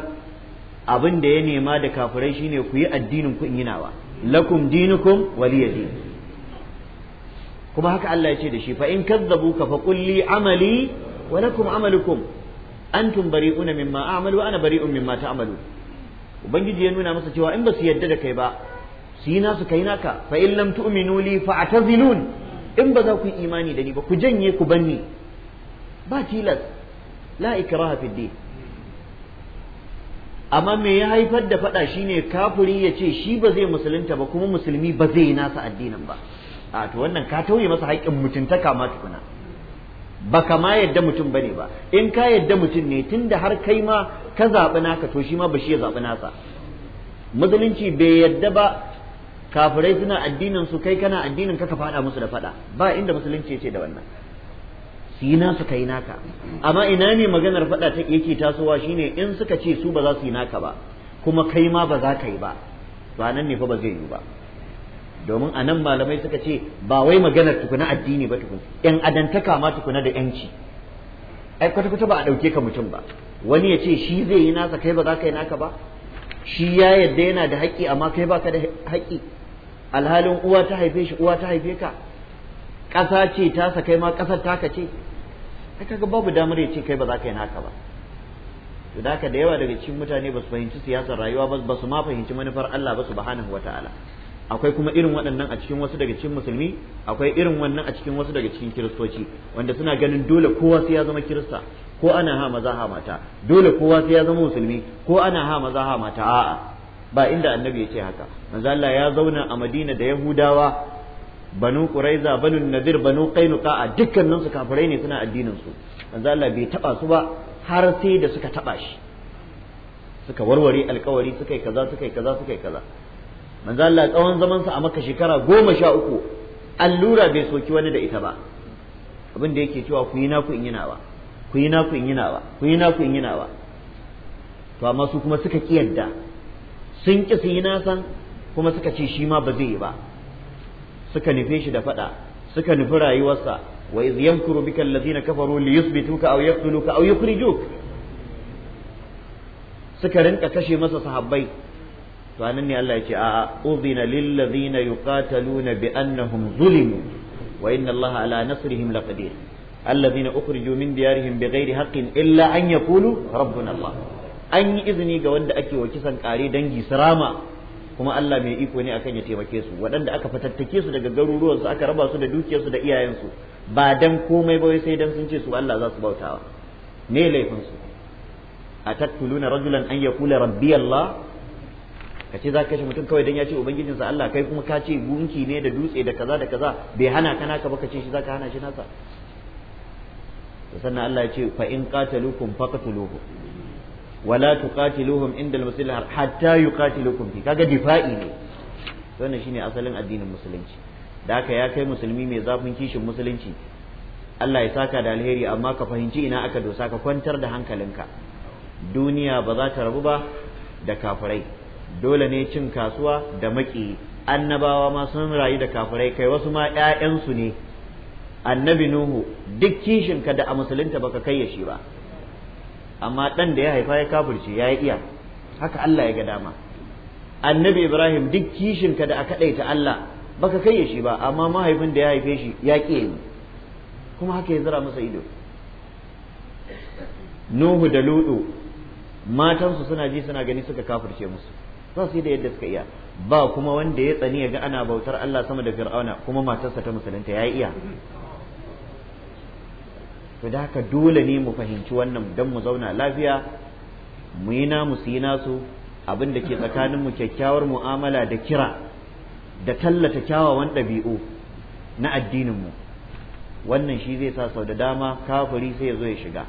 abin da ya nema da kafirai shine ku yi addinin ku in yi nawa lakum dinukum waliya din kuma haka Allah ya ce da shi fa in kazzabuka fa qul amali wa lakum amalukum antum bari'una mimma a'malu wa ana bari'un mimma ta'malu ubangiji ya nuna masa cewa in ba su yadda da kai ba su yi nasu kai naka fa in lam tu'minu li fa'tazilun in ba za ku yi imani da ni ba ku janye ku banni ba tilas la ikraha fi din amma me ya haifar da fada shine kafiri ya ce shi ba zai musulunta ba kuma musulmi ba zai yi nasa addinin ba a to wannan ka tauye masa haƙƙin mutuntaka ma tukuna ba ka ma yadda mutum ba ne ba in ka yadda mutum ne tunda har kai ma ka zaɓi naka to shi ma ba shi ya zaɓi nasa musulunci bai yadda ba kafirai suna addinin su kai kana addinin ka ka faɗa musu da faɗa ba inda musulunci ce da wannan su yi nasu kai naka amma ina ne maganar faɗa ta yake tasowa shine in suka ce su ba za su yi naka ba kuma kai ma ba za ka yi ba to anan ne fa ba zai yi ba domin anan malamai suka ce ba wai maganar tukuna addini ba tukuna yan adantaka ma tukuna da yanci ai kwata kwata ba a dauke ka mutum ba wani ya ce shi zai yi nasa kai ba za ka yi naka ba shi ya yadda yana da haƙƙi amma kai ba ka da haƙƙi alhalin uwa ta haife shi uwa ta haife ka ƙasa ce ta sa kai ma ƙasar taka ce ai kaga babu damar ya ce kai ba za ka yi naka ba to da da yawa daga cikin mutane ba su fahimci siyasar rayuwa ba ba su ma fahimci manufar Allah ba subhanahu wataala akwai kuma irin waɗannan a cikin wasu daga cikin musulmi akwai irin wannan a cikin wasu daga cikin kiristoci wanda suna ganin dole kowa sai ya zama kirista ko ana ha maza ha mata dole kowa sai ya zama musulmi ko ana ha maza ha mata a'a ba inda annabi ya ce haka manzo Allah ya zauna a Madina da Yahudawa banu Quraiza banu Nadir banu Qainuqa a dukkanin su kafirai ne suna addinin su manzo Allah bai taba su ba har sai da suka taba shi suka warware alkawari suka yi kaza suka yi kaza suka yi kaza manzo Allah tsawon zaman sa a Makka shekara goma sha uku allura bai soki wani da ita ba abin da yake cewa ku yi naku in yinawa ku yi naku in yinawa ku yi naku in yinawa to amma su kuma suka kiyarda sun ƙi su yi nasan kuma suka ce shi ma ba zai yi ba suka nufe shi da faɗa suka nufi rayuwarsa wa iz yamkuru bika allazina kafaru li yuthbituka aw yaqtuluka aw yukhrijuk suka rinka kashe masa sahabbai to anan ne Allah ya ce a'a udhina lil ladzina yuqataluna bi annahum zulimu wa inna Allah ala nasrihim laqadir الذين أخرجوا من ديارهم بغير حق إلا أن يقولوا ربنا الله an yi izini ga wanda ake wa kisan kare dangi sirama kuma Allah mai iko ne akan ya taimake su waɗanda aka fatattake su daga garuruwan su aka raba su da dukiyarsu da su ba dan komai ba sai dan sun ce su Allah za su bautawa me laifin su ataktuluna rajulan an yaqula rabbi Allah ka ce za ka kashe mutum kawai dan ya ce sa Allah kai kuma ka ce gunki ne da dutse da kaza da kaza bai hana ka ba ka ce shi za ka hana shi nasa sannan Allah ya ce fa in qatalukum faqtuluhu wala tuqatiluhum inda al-masjid hatta yuqatilukum fi kaga difa'i ne wannan shine asalin addinin musulunci da haka ya kai musulmi mai zafin kishin musulunci Allah ya saka da alheri amma ka fahimci ina aka dosa ka kwantar da hankalinka duniya ba za ta rabu ba da kafirai dole ne cin kasuwa da maki annabawa ma sun rayu da kafurai kai wasu ma 'ya'yansu ne annabi nuhu duk kishinka da a musulunta baka kai ya shi ba amma ɗan da ya haifa ya kafirce ya yi iya haka Allah ya ga dama annabi Ibrahim duk kishin ka da aka ɗaita Allah baka kai shi ba amma mahaifin da ya haife shi ya ƙi yi kuma haka ya zira masa ido Nuhu da Ludu matansu suna ji suna gani suka kafurce musu za su yi da yadda suka iya ba kuma wanda ya tsani ya ga ana bautar Allah sama da Fir'auna kuma matarsa ta musulunta ya iya to da haka dole ne mu fahimci wannan don mu zauna lafiya mu yi namu su yi nasu abin da ke tsakanin mu kyakkyawar mu'amala da kira da tallata kyawawan ɗabi'u na addininmu wannan shi zai sa sau da dama kafiri sai ya zo ya shiga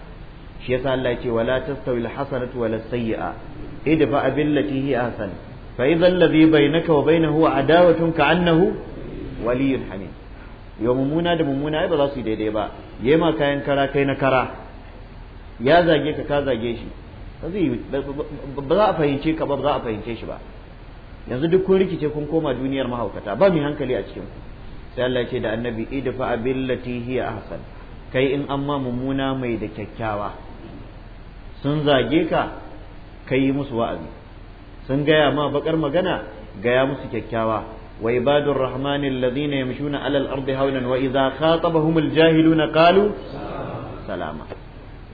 shi yasa Allah ce wala tastawi alhasanatu wala sayyi'a idfa billati hi ahsan fa idha alladhi bainaka wa bainahu adawatun annahu waliyyun hamim yau mummuna da mummuna ba za su yi daidai ba ya ma kayan kara kai na kara ya zage ka ka zage shi ba za a fahimce ka ba za a fahimce shi ba yanzu duk kun rikice kun koma duniyar mahaukata ba mai hankali a cikin sai Allah ce da annabi idfa billati hiya ahsan kai in ma mummuna mai da kyakkyawa sun zage ka kai musu wa'azi sun gaya ma bakar magana gaya musu kyakkyawa وعباد الرحمن الذين يمشون على الأرض هونا وإذا خاطبهم الجاهلون قالوا سلاما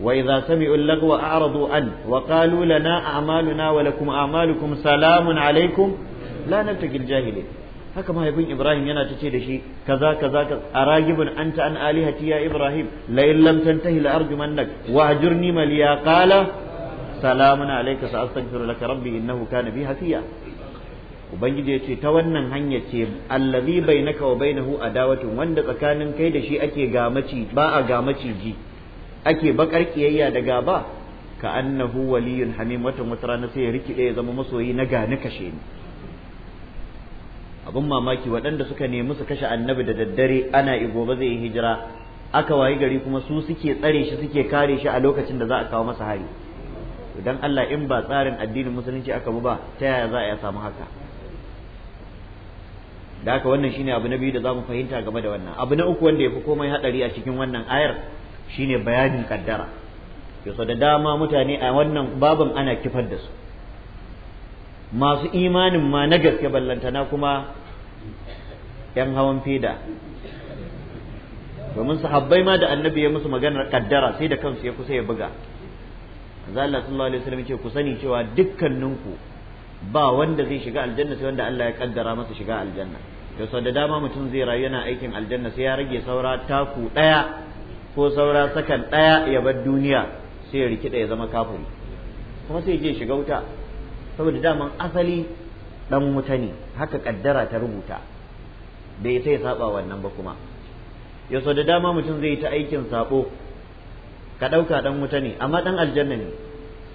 وإذا سمعوا اللغو أعرضوا عنه وقالوا لنا أعمالنا ولكم أعمالكم سلام عليكم لا نبتغي الجاهلين haka mahaifin Ibrahim yana ta ce da shi kaza kaza a ragibin anta an alihati ya Ibrahim la in lam tantahi wa ajurni maliya qala salamun alayka rabbi innahu kana bi hafiya ubangiji ya ce ta wannan hanya ce bai bainaka wa bainahu adawatun wanda tsakanin kai da shi ake gamaci ba a gamaci ji ake bakar kiyayya da gaba ka annahu waliyun hamim wata wata na sai ya riki ya zama masoyi na ni kashe ni abin mamaki waɗanda suka nemi su kashe annabi da daddare ana igo ba zai yi hijira aka wayi gari kuma su suke tsare shi suke kare shi a lokacin da za a kawo masa hari idan Allah in ba tsarin addinin musulunci aka bi ba ta yaya za a samu haka da haka wannan shine abu na biyu da zamu fahimta game da wannan abu na uku wanda yafi komai hadari a cikin wannan ayar shine bayanin kaddara yasa da dama mutane a wannan babin ana kifar da su masu imanin ma na gaske ballantana kuma yan hawan fida domin sahabbai ma da annabi ya musu maganar kaddara sai da kansu ya kusa ya buga Allah sallallahu alaihi wasallam ce ku sani cewa dukkaninku ba wanda zai shiga aljanna sai wanda Allah ya kaddara masa shiga aljanna to sau da dama mutum zai rayu yana aikin aljanna sai ya rage saura taku daya ko saura sakan daya ya bar duniya sai ya rikida ya zama kafiri kuma sai je shiga wuta saboda daman asali dan wuta ne haka kaddara ta rubuta bai sai ya saba wannan ba kuma ya so da dama mutum zai yi ta aikin sabo ka ɗauka dan wuta ne amma dan aljanna ne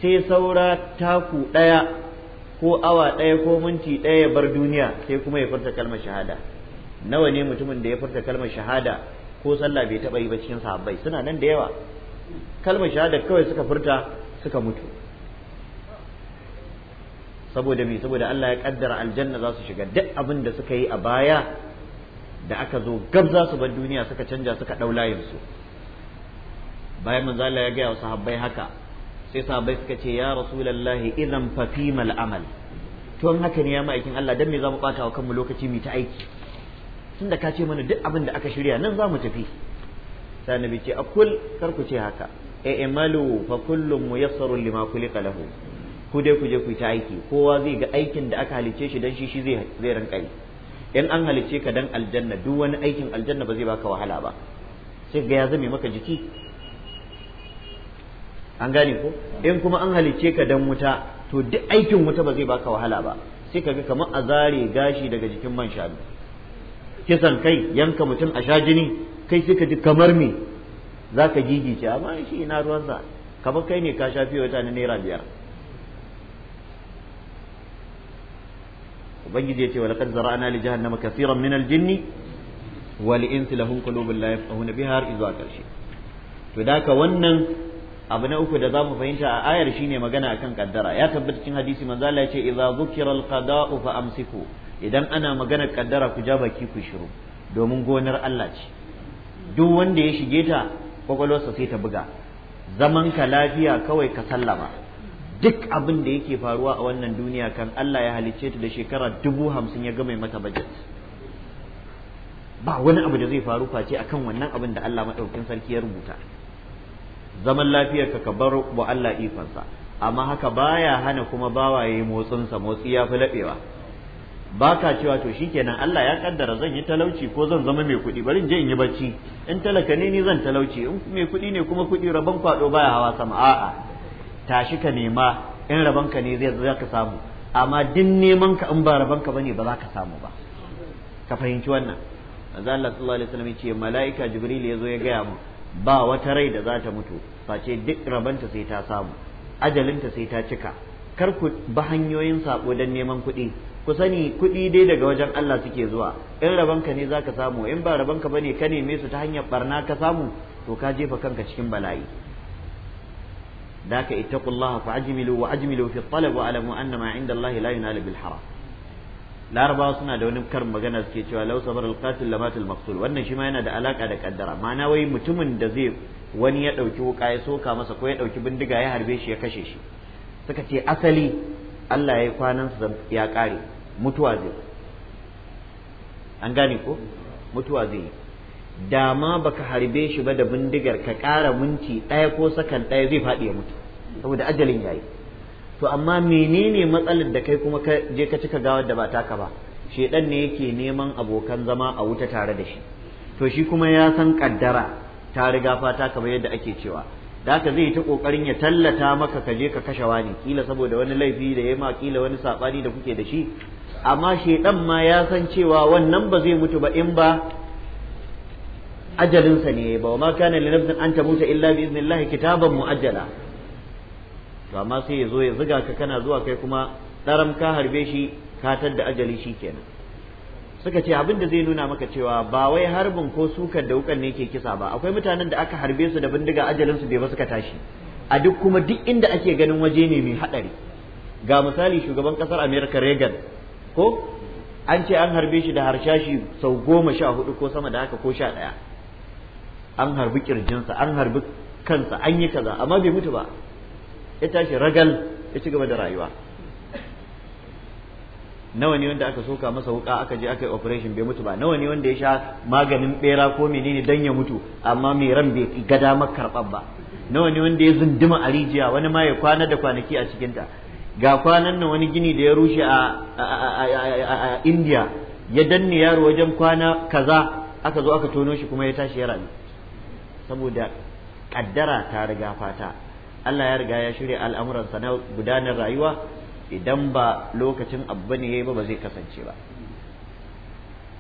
sai saura taku daya. ko awa ɗaya ko minti ɗaya ya bar duniya sai kuma ya furta kalmar shahada nawa ne mutumin da ya furta kalmar shahada ko sallah bai taɓa yi ba cikin sahabbai suna nan da yawa kalmar shahada kawai suka furta suka mutu saboda me saboda Allah ya kaddara aljanna za su shiga duk abin da suka yi a baya da aka zo gab za su bar duniya suka canja suka ɗau layinsu bayan manzo Allah ya gaya wa sahabbai haka sai sahabbai suka ce ya rasulallahi idan fa fimal amal to an haka ne ya ma'aikin Allah dan me za mu bata wa kanmu lokaci mu ta aiki tunda ka ce mana duk abin da aka shirya nan za mu tafi sai annabi ce akul kar ku ce haka e eh, imalu eh, fa kullum muyassarun lima khuliqa lahu ku dai ku je ku ta aiki kowa zai ga aikin da aka halicce shi dan shi shi zai zai yi in an halicce ka dan aljanna duk wani aikin aljanna ba zai baka wahala ba sai ga ya zame maka jiki an gane ko in kuma an halicce ka dan wuta to duk aikin wuta ba zai baka wahala ba sai kaga kamar a zare gashi daga jikin man shanu kisan kai yanka mutum a sha jini kai sai ka ji kamar me za ka gigice amma shi ina ruwansa kamar kai ne ka sha fiye wata na naira biyar ubangiji ya ce walaqad zara'na li jahannama kaseeran min al-jinni wal insi lahum qulubun la yafqahuna biha har izuwa karshe to da ka wannan abu na uku da za mu fahimta a ayar ne magana a kan kaddara ya tabbata cikin hadisi manzo Allah ya ce idza zukira fa amsiku idan ana magana kaddara ku ja baki ku shiru domin gonar Allah ce duk wanda ya shige ta kwakwalwarsa sai ta buga zaman ka lafiya kawai ka sallama duk abin da yake faruwa a wannan duniya kan Allah ya halicce ta da shekara dubu hamsin ya gama mata budget ba wani abu da zai faru face akan wannan abin da Allah madaukin sarki ya rubuta zaman lafiyar ka bar wa Allah ifansa amma haka baya hana kuma bawaye motsinsa motsi ya fi laɓewa ba ka cewa to shikenan Allah ya kaddara zan yi talauci ko zan zama mai kuɗi bari je in yi bacci in talaka ne ni zan talauci in mai kuɗi ne kuma kuɗi rabon kwaɗo baya hawa sama a'a tashi ka nema in rabon ka ne zai ka samu amma duk neman ka in ba rabon ka bane ba za ka samu ba ka fahimci wannan manzo Allah sallallahu alaihi wasallam ya ce mala'ika jibril ya zo ya gaya mu ba wata rai da za ta mutu face duk rabanta sai ta samu ajalinta sai ta cika kar ku ba hanyoyin sako don neman kuɗi ku sani kuɗi dai daga wajen Allah suke zuwa in rabanka ne zaka samu in ba rabanka bane ka neme su ta hanyar barna ka samu to ka jefa kanka cikin bala'i daka ittaqullaha fa ajmilu wa ajmilu fi talab wa alamu anna ma inda Allah la yunalu bil haram larabawa suna da wani karin magana suke cewa lau sabar alqatil lamatul maqtul wannan shi ma yana da alaka da kaddara ma'ana wai mutumin da zai wani ya dauki wuka ya soka masa ko ya dauki bindiga ya harbe shi ya kashe shi suka ce asali Allah ya yi kwanan ya kare mutuwa zai an gane ko mutuwa zai da ma baka harbe shi ba da bindigar ka kara minti ɗaya ko sakan daya zai faɗi ya mutu saboda ajalin yayi to amma menene matsalar da kai kuma ka je ka cika gawar da ba taka ba shedan ne yake neman abokan zama a wuta tare da shi to shi kuma ya san kaddara ta riga fata kamar yadda ake cewa da haka zai ta kokarin ya tallata maka ka je ka kashe wani kila saboda wani laifi da ya ma kila wani sabani da kuke da shi amma shedan ma ya san cewa wannan ba zai mutu ba in ba ajalinsa ne ba wa ma kana li nafsin an tamuta illa bi idnillahi kitaban muajjala to amma sai ya zo ya ziga ka kana zuwa kai kuma daram ka harbe shi katar da ajali shi kenan suka ce abin da zai nuna maka cewa ba wai harbin ko sukar da wukan ne ke kisa ba akwai mutanen da aka harbe su da bindiga ajalin su bai ba suka tashi a duk kuma duk inda ake ganin waje ne mai hadari ga misali shugaban kasar America Reagan ko an ce an harbe shi da harshashi sau goma sha hudu ko sama da haka ko sha ɗaya an harbi kirjinsa an harbi kansa an yi kaza amma bai mutu ba ya tashi ragal ya ci gaba da rayuwa nawa ne wanda aka soka masa wuka aka je aka yi operation bai mutu ba nawa ne wanda ya sha maganin bera ko menene dan ya mutu amma mai ran bai ga damar karban ba nawa ne wanda ya zunduma a rijiya wani ma ya kwana da kwanaki a cikin ta ga kwanan nan wani gini da ya rushe a india ya danne yaro wajen kwana kaza aka zo aka tono shi kuma ya tashi ya rami saboda kaddara ta riga fata Allah ya riga ya shirya al'amuransa na gudanar rayuwa idan ba lokacin abu bane yayi ba ba zai kasance ba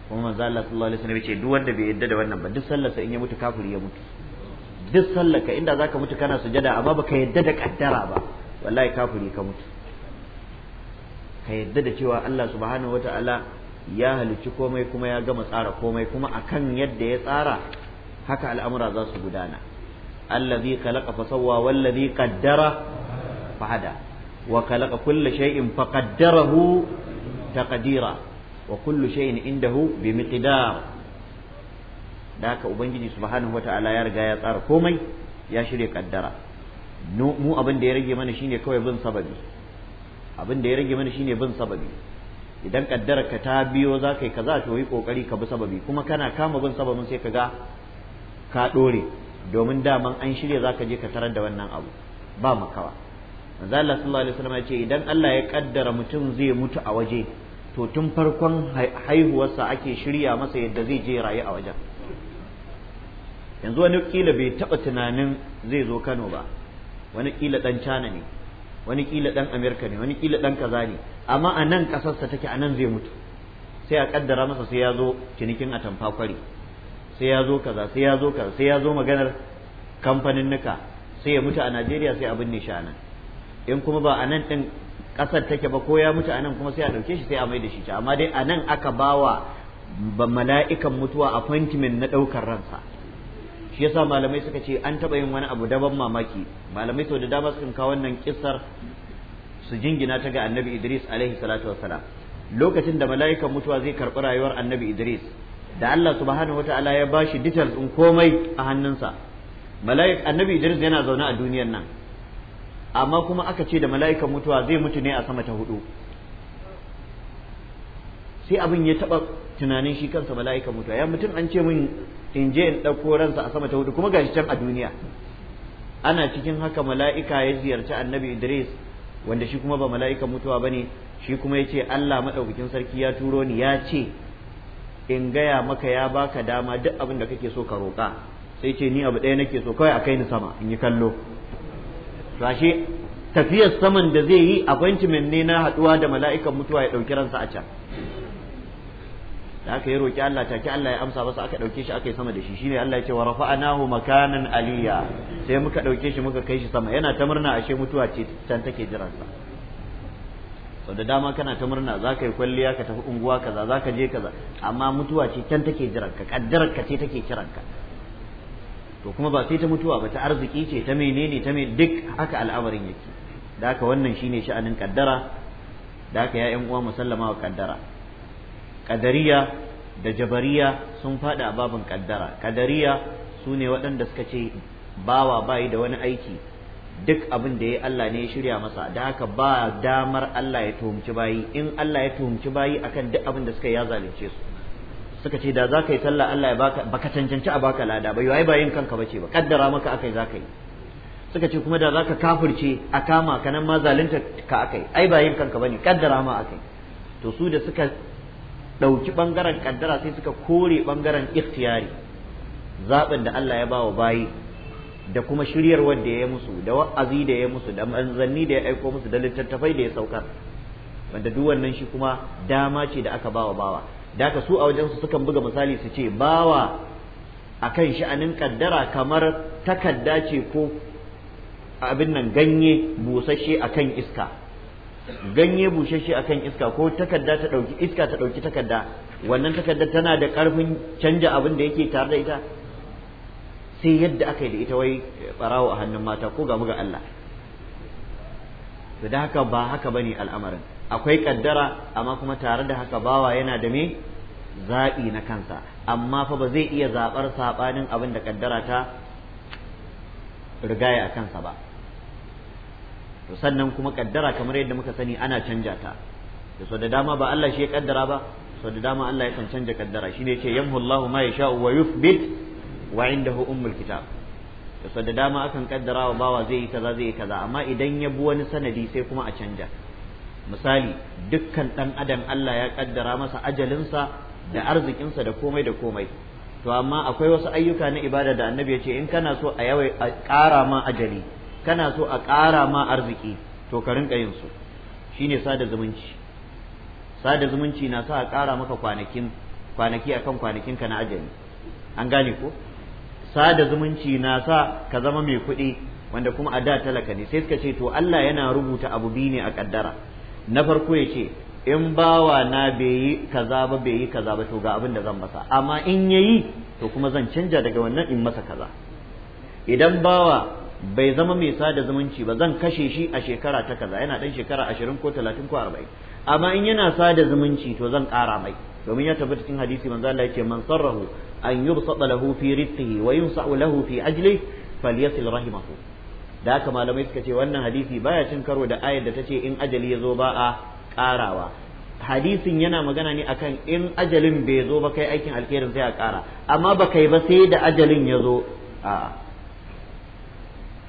kuma manzo Allah sallallahu alaihi wasallam ce duk wanda bai yadda da wannan ba duk sallarsa in ya mutu kafiri ya mutu duk sallarka inda zaka mutu kana sujada amma baka yadda da kaddara ba wallahi kafiri ka mutu ka yadda da cewa Allah subhanahu wataala ya halicci komai kuma ya gama tsara komai kuma akan yadda ya tsara haka al'amura za su gudana allazi khalaqa fa sawwa wallazi qaddara fa hada wa khalaqa kulla shay'in fa qaddarahu taqdira wa kullu shay'in indahu bi da haka ubangiji subhanahu wata'ala ya riga ya tsara komai ya shirya kaddara mu abin da ya rage mana shine kawai bin sababi abin da ya rage mana shine bin sababi idan kaddara ka ta biyo za ka yi kaza to ka bi sababi kuma kana kama bin sababin sai ka ga ka ɗore. domin daman an shirya zaka je ka tarar da wannan abu ba makawa manzo Allah sallallahu alaihi wasallam ya ce idan Allah ya kaddara mutum zai mutu a waje to tun farkon haihuwarsa ake shirya masa yadda zai je rayu a wajen yanzu wani kila bai taɓa tunanin zai zo Kano ba wani kila dan China ne wani kila dan Amerika ne wani kila dan kaza ne amma a nan ƙasarsa take a nan zai mutu sai a kaddara masa sai ya zo cinikin atamfa kwari sai ya zo kaza sai ya zo kaza sai ya zo maganar kamfanin nuka sai ya mutu a Najeriya sai abin nishi anan in kuma ba a nan din kasar take ba ko ya mutu a nan kuma sai a dauke shi sai a mai da shi amma dai a nan aka bawa mala'ikan mutuwa appointment na daukar ransa shi yasa malamai suka ce an taba yin wani abu daban mamaki malamai sau da dama sukan kawo wannan kissar su jingina ta ga annabi idris alaihi salatu wassalam lokacin da mala'ikan mutuwa zai karbi rayuwar annabi idris da Allah subhanahu ta'ala ya bashi details din komai a hannunsa mala'ik annabi Idris yana zaune a duniyar nan amma kuma aka ce da mala'ikan mutuwa zai mutu ne a sama ta hudu sai abin ya taba tunanin shi kansa mala'ikan mutuwa ya mutum an ce min in je in ɗauko ransa a sama ta hudu kuma gashi can a duniya ana cikin haka mala'ika ya ziyarci annabi Idris wanda shi kuma ba mala'ikan mutuwa bane shi kuma ya ce Allah madaukakin sarki ya turo ni ya ce in gaya maka ya baka dama duk abin da kake so ka roƙa sai ce ni abu ɗaya nake so kawai a kai ni sama in yi kallo rashi tafiyar saman da zai yi appointment ne na haɗuwa da mala'ikan mutuwa ya ɗauki ransa a can da aka yi roƙi Allah take Allah ya amsa masa aka ɗauke shi aka yi sama da shi shine Allah ya ce wa rafa'anahu makanan aliyya sai muka ɗauke shi muka kai shi sama yana ta murna ashe mutuwa ce can take jiransa sau da dama kana ta murna za ka yi kwalliya ka tafi unguwa kaza za ka je kaza amma mutuwa ce can take jiranka kaddarar ka ce take kiranka to kuma ba sai ta mutuwa ba ta arziki ce ta menene ta me duk haka al'amarin yake da haka wannan shine sha'anin kaddara da haka ya yan uwa musallama wa kaddara kadariya da jabariya sun fada a babin kaddara kadariya su ne waɗanda suka ce bawa bayi da wani aiki duk abin da ya Allah ne ya shirya masa da haka ba damar Allah ya tuhumci bayi in Allah ya tuhumci bayi akan duk abin da suka ya zalunce su suka ce da za yi sallah Allah ya baka baka cancanci a baka lada ba yayi bayin yin kanka bace ba kaddara maka akai za ka yi suka ce kuma da za ka kafirce a kama ka nan ma zalunta ka akai ai bayin yin kanka bane kaddara ma akai to su da suka ɗauki ɓangaren kaddara sai suka kore ɓangaren ikhtiyari zaɓin da Allah ya ba wa bayi da kuma shiryar wanda ya musu da wa'azi da ya musu da manzanni da ya aiko musu da littattafai da ya saukar wanda duk wannan shi kuma dama ce da aka bawa bawa da ka su a wajen su sukan buga misali su ce bawa akan sha'anin kaddara kamar takadda ce ko abin nan ganye busasshe akan iska ganye busasshe akan iska ko takadda ta dauki iska ta dauki takadda wannan takadda tana da karfin canja abin da yake tare da ita sai yadda aka yi da ita wai barawo a hannun mata ko ga muga Allah da haka ba haka bane al'amarin akwai kaddara amma kuma tare da haka bawa yana da me zaɓi na kansa amma fa ba zai iya zaɓar saɓanin abin da kaddara ta rigaya a kansa ba to sannan kuma kaddara kamar yadda muka sani ana canja ta da so da dama ba Allah shi ya kaddara ba so da dama Allah ya yakan canja kaddara shine yake yamhu Allahu ma yasha'u wa yuthbit wa hu ummul kitab da da dama akan kaddara wa bawa zai yi kaza zai yi kaza amma idan ya bi wani sanadi sai kuma a canja misali dukkan dan adam Allah ya kaddara masa ajalinsa da arzikinsa da komai da komai to amma akwai wasu ayyuka na ibada da annabi ya ce in kana so a yawai a ƙara ma ajali kana so a ƙara ma arziki to ka rinka yin su shine sada zumunci sada zumunci na sa a ƙara maka kwanakin kwanaki akan kwanakin ka na ajali an gane ko sada zumunci na sa ka zama mai kuɗi wanda kuma a da talaka ne sai suka ce to Allah yana rubuta abu biyu ne a kaddara na farko ya ce in bawa na bai yi kaza ba bai yi kaza ba to ga abin da zan masa amma in yayi to kuma zan canja daga wannan in masa kaza idan bawa bai zama mai sada zumunci ba zan kashe shi a shekara ta kaza yana ɗan shekara ashirin ko talatin ko arba'in amma in yana sada zumunci to zan ƙara mai domin ya tabbata cikin hadisi manzo Allah yake man sarrahu an yubsata lahu fi rizqihi wa yunsa'u lahu fi ajli falyasil rahimahu da haka malamai suka ce wannan hadisi baya cin karo da ayar da ta ce in ajali ya zo ba a karawa hadisin yana magana ne akan in ajalin bai zo ba kai aikin alkhairin sai a kara amma ba kai ba sai da ajalin ya zo a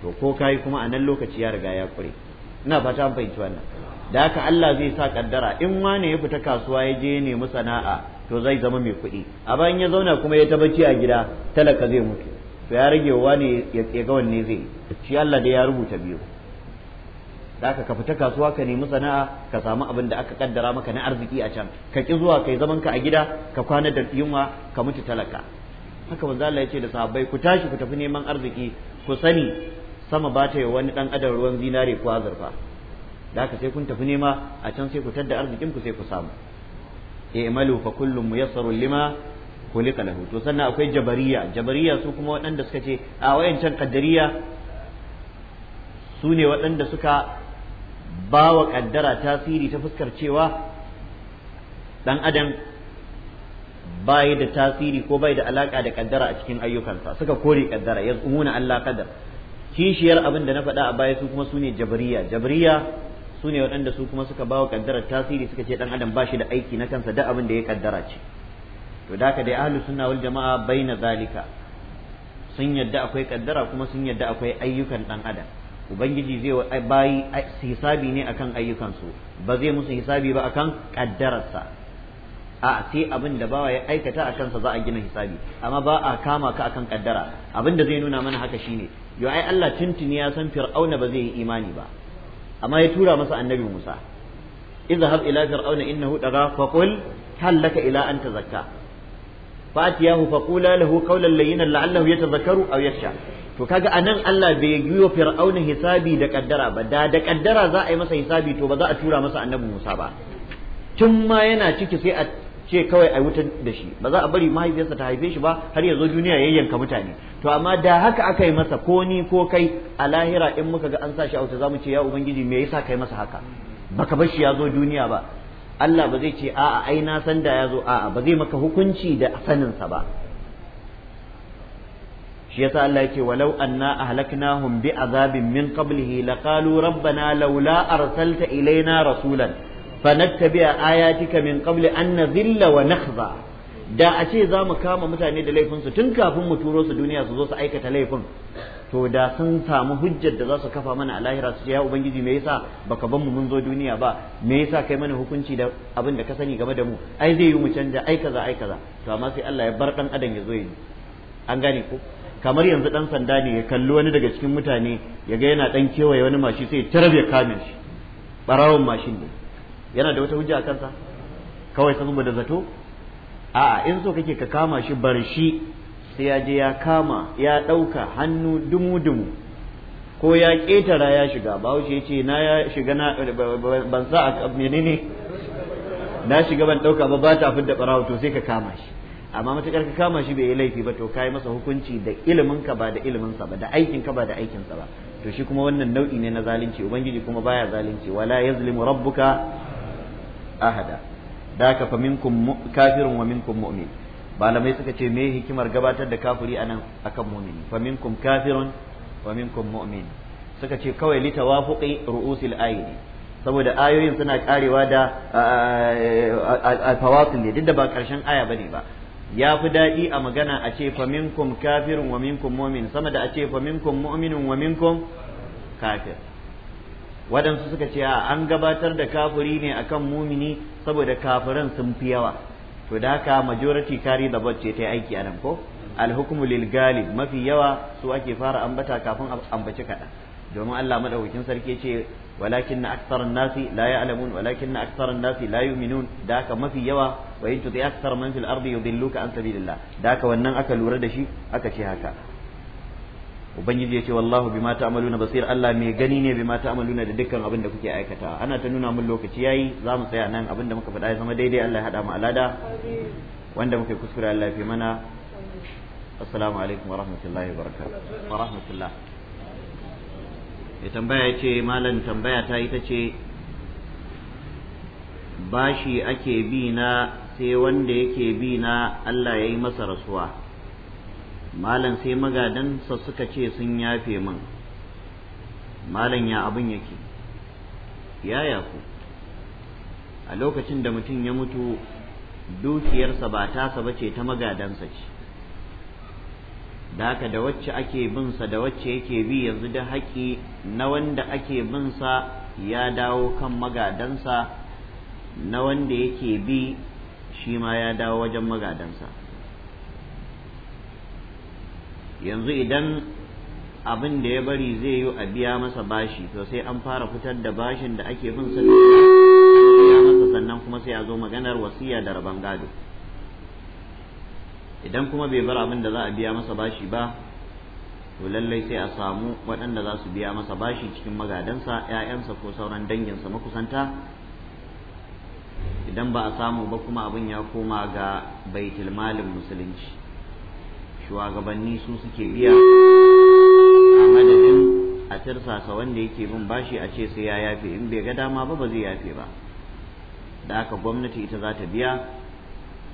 to ko kai kuma a nan lokaci ya riga ya kure ina fata an fahimci wannan da haka Allah zai sa kaddara in wane ya fita kasuwa ya je nemi sana'a to zai zama mai kuɗi a bayan ya zauna kuma ya tabbaci a gida talaka zai mutu to ya rage wa ne ya ga wanne zai shi Allah da ya rubuta biyu Da ka fita kasuwa ka nemi sana'a ka samu abin da aka kaddara maka na arziki a can ka ki zuwa kai zaman ka a gida ka kwana da yunwa ka mutu talaka haka manzo Allah ya ce da sahabbai ku tashi ku tafi neman arziki ku sani sama ba ta yi wani dan adar ruwan zinare ko azurfa da haka sai kun tafi nema a can sai ku tadda arzikin ku sai ku samu i'malu fa kullum muyassarun lima kulika lahu to sannan akwai jabariya jabariya su kuma waɗanda suka ce a wayancan qaddariya su ne waɗanda suka ba wa kaddara tasiri ta fuskar cewa dan adam bai da tasiri ko bai da alaka da kaddara a cikin ayyukansa suka kore kaddara ya umuna Allah kadar kishiyar abin da na faɗa a baya su kuma sune jabariya jabariya su ne waɗanda su kuma suka bawa kaddarar tasiri suka ce dan adam ba shi da aiki na kansa da abin da ya kaddara ce to da haka dai ahlu sunna wal jama'a baina zalika sun yadda akwai kaddara kuma sun yadda akwai ayyukan dan adam ubangiji zai bayi hisabi ne akan ayyukansu ba zai musu hisabi ba akan kaddararsa a sai abin da bawa ya aikata a kansa za a gina hisabi amma ba a kama ka akan kaddara abin da zai nuna mana haka shine yo ai Allah tuntuni ya san fir'auna ba zai yi imani ba amma ya tura masa annabi Musa izhab ila fir'auna innahu daga faqul hal laka ila an tazakka fatiyahu faqula lahu qawlan layyinan la'allahu yatazakkaru aw yakhsha to kaga anan Allah bai wa fir'auna hisabi da kaddara ba da da kaddara za a yi masa hisabi to ba za a tura masa annabi Musa ba tun ma yana ciki sai a ce kawai a wuta da shi ba za a bari mahaifiyarsa ta haife shi ba har ya zo duniya ya yanka mutane to amma da haka aka yi masa ko ni ko kai a lahira in muka ga an sa shi a wuta zamu ce ya ubangiji me yasa kai masa haka baka bar shi ya zo duniya ba Allah ba zai ce a'a ai na san da ya zo a'a ba zai maka hukunci da saninsa ba shi yasa Allah yake walau anna ahlaknahum bi azabin min qablihi laqalu rabbana laula arsalta ilaina rasulan fanattabi'a ayatika min qabli an nazilla wa nakhza da a ce za mu kama mutane da laifinsu tun kafin mu turo su duniya su zo su aikata laifin to da sun samu hujjar da za su kafa mana a lahira su ce ya ubangiji me yasa baka ban mu mun zo duniya ba me yasa kai mana hukunci da abin da ka sani game da mu ai zai yi mu canja ai kaza ai kaza to amma sai Allah ya bar dan adam ya zo yi an gane ko kamar yanzu dan sanda ne ya kalli wani daga cikin mutane ya ga yana dan kewaye wani mashi sai ya tarbe kamin shi barawon mashin ne yana da wata hujja a kansa kawai da zato a'a in so kake ka kama shi bar shi sai ya je ya kama ya ɗauka hannu dumu-dumu ko ya ƙetara ya shiga ba ya ce na ya shiga na ban sa a menene na shiga ban ɗauka ba ba ta fidda barawa to sai ka kama shi amma matuƙar ka kama shi bai yi laifi ba to kai masa hukunci da ilimin ka ba da ilimin sa ba da aikin ka ba da aikin sa ba to shi kuma wannan nau'i ne na zalunci ubangiji kuma baya zalunci wala yazlimu rabbuka ahada da ka fa minkum kafirun wa minkum mu'min malamai suka ce me hikimar gabatar da kafiri anan akan mumin fa minkum kafirun wa minkum mu'min suka ce kawai li tawafuqi ru'usil ayni saboda ayoyin suna karewa da al-fawasil ne duk da ba karshen aya bane ba ya fi daɗi a magana a ce fa minkum kafirun wa minkum mu'min sama da a ce fa minkum mu'minun wa minkum kafir waɗansu suka ce an gabatar da kafuri ne akan mumini saboda kafiran sun fi yawa to da haka majority kari da bacce ta aiki anan ko alhukmu lil galib mafi yawa su ake fara ambata kafin ambaci kaɗan domin Allah madaukakin sarki ce walakin na aksarar nasi la ya'lamun walakin na aksarar nasi la yu'minun da haka mafi yawa wa in tuti aksar man fil ardi yudilluka an sabilillah da haka wannan aka lura da shi aka ce haka ubangiji ya ce wallahu bi bima ta'maluna basir Allah mai gani ne bi bima ta'maluna da dukkan abin da kuke aikata ana ta nuna mun lokaci yayi za mu tsaya nan abin da muka faɗa ya zama daidai Allah ya haɗa mu alada wanda muka kuskure Allah ya fi mana assalamu alaikum wa rahmatullahi wa barakatuh wa rahmatullah ya tambaya ce malam tambaya ta ita ce bashi ake bi na sai wanda yake bi na Allah ya yi masa rasuwa malam sai magadansa suka ce sun yafe min malam ya abin yake ya yafu a lokacin da mutum ya mutu dukiyarsa ba tasa ba ce ta magadansa ce da haka da wacce ake binsa da wacce yake bi yanzu da haƙi na wanda ake binsa ya dawo kan magadansa na wanda yake bi shi ma ya dawo wajen magadansa yanzu idan abin da ya bari zai yi a biya masa bashi to sai an fara fitar da bashin da ake bin sa ya masa sannan kuma sai a zo maganar wasiya da rabon gado idan kuma bai bar abin da za a biya masa bashi ba to lallai sai a samu waɗanda za su biya masa bashi cikin magadansa 'ya'yansa ko sauran danginsa makusanta idan ba a samu ba kuma abin ya koma ga baitul malin musulunci shugabanni su suke biya a madadin a tirsasa wanda yake bin bashi a ce sai ya yafe in bai ga dama ba ba zai yafe ba da haka gwamnati ita za ta biya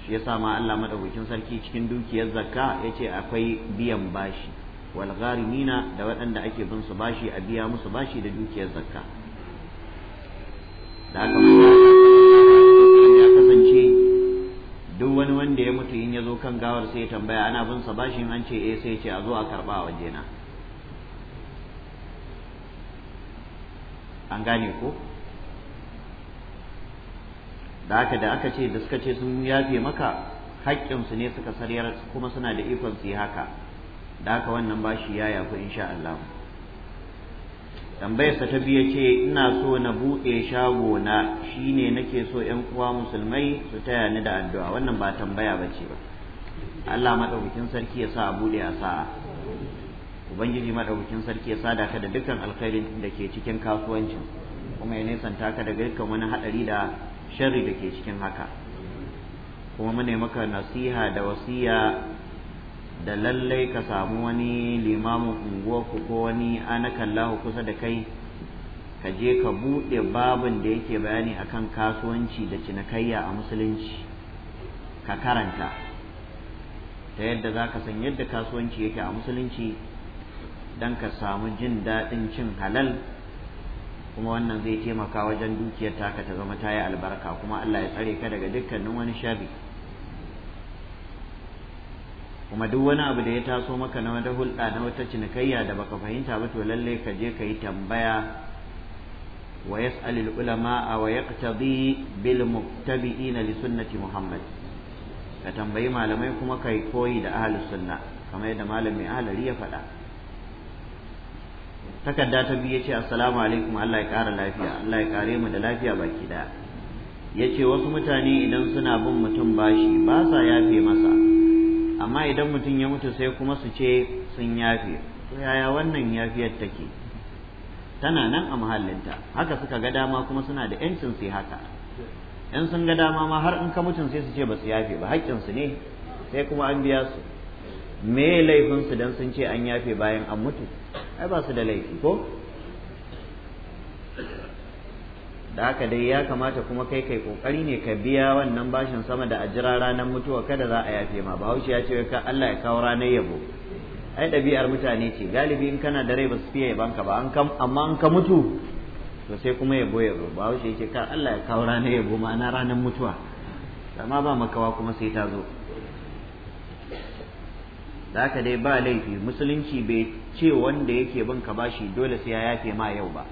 shi yasa ma Allah madaukakin sarki cikin dukiyar zakka yace akwai biyan bashi wal gharimina da waɗanda ake bin su bashi a biya musu bashi da dukiyar zakka da haka duk wani wanda ya mutu in ya zo kan gawar sai ya tambaya ana bin sa bashin an ce eh sai ce a zo a karba a na an gane ko da haka da aka ce da suka ce sun yafe maka haƙƙinsu ne suka saryar kuma suna da ikon su yi haka da haka wannan bashi ya yafi insha Allah sa ta biya ce ina so na buɗe shago na shine nake so yan uwa musulmai su taya ni da addu'a wannan ba tambaya ba ce ba Allah maɗaukakin sarki ya sa a buɗe a sa'a ubangiji maɗaukakin sarki ya sada ka da dukkan alkhairin da ke cikin kasuwancin kuma ya nesanta ka daga dukkan wani haɗari da sharri da ke cikin haka kuma mu maka nasiha da wasiya da lallai ka samu wani limamin unguwarku ko wani anakallahu kusa da kai ka je ka buɗe babin da yake bayani akan kasuwanci da cinikayya a musulunci ka karanta ta yadda za ka san yadda kasuwanci yake a musulunci don ka samu jin daɗin cin halal kuma wannan zai taimaka wajen dukiyar taka ta zama ta yi albarka kuma Allah ya tsare ka daga dukkanin wani shabi. kuma duk wani abu da ya taso maka na wata hulɗa na wata cinikayya da baka fahimta ba to lallai ka je ka yi tambaya wa yas'alul ulama wa yaqtadi bil muktabi'in li sunnati muhammad ka tambayi malamai kuma kai koyi da ahlus sunna kamar yadda malami ahlari ya faɗa takarda ta biyu yace assalamu alaikum Allah ya ƙara lafiya Allah ya kare mu da lafiya baki daya yace wasu mutane idan suna bin mutum bashi ba sa yafe masa amma idan mutum ya mutu sai kuma su ce sun yafe to yaya wannan yafiyar take tana nan a muhallinta haka suka ga dama kuma suna da yancin su haka in sun ga dama ma har in ka mutum sai su ce ba su yafe ba su ne sai kuma an biya su me laifin su dan sun ce an yafe bayan an mutu ai ba su da laifi ko da haka dai ya kamata kuma kai kai kokari ne ka biya wannan bashin sama da ajira ranar mutuwa kada za a yafe ma bahaushe ya ce ka Allah ya kawo ranar yabo ai ɗabi'ar mutane ce galibi in kana da rai ba su fiye yaban ka ba amma an ka mutu to sai kuma yabo yabo bahaushe ya ce ka Allah ya kawo ranar yabo ma'ana ranar mutuwa amma ba makawa kuma sai ta zo da haka dai ba laifi musulunci bai ce wanda yake bin ka bashi dole sai ya yafe ma yau ba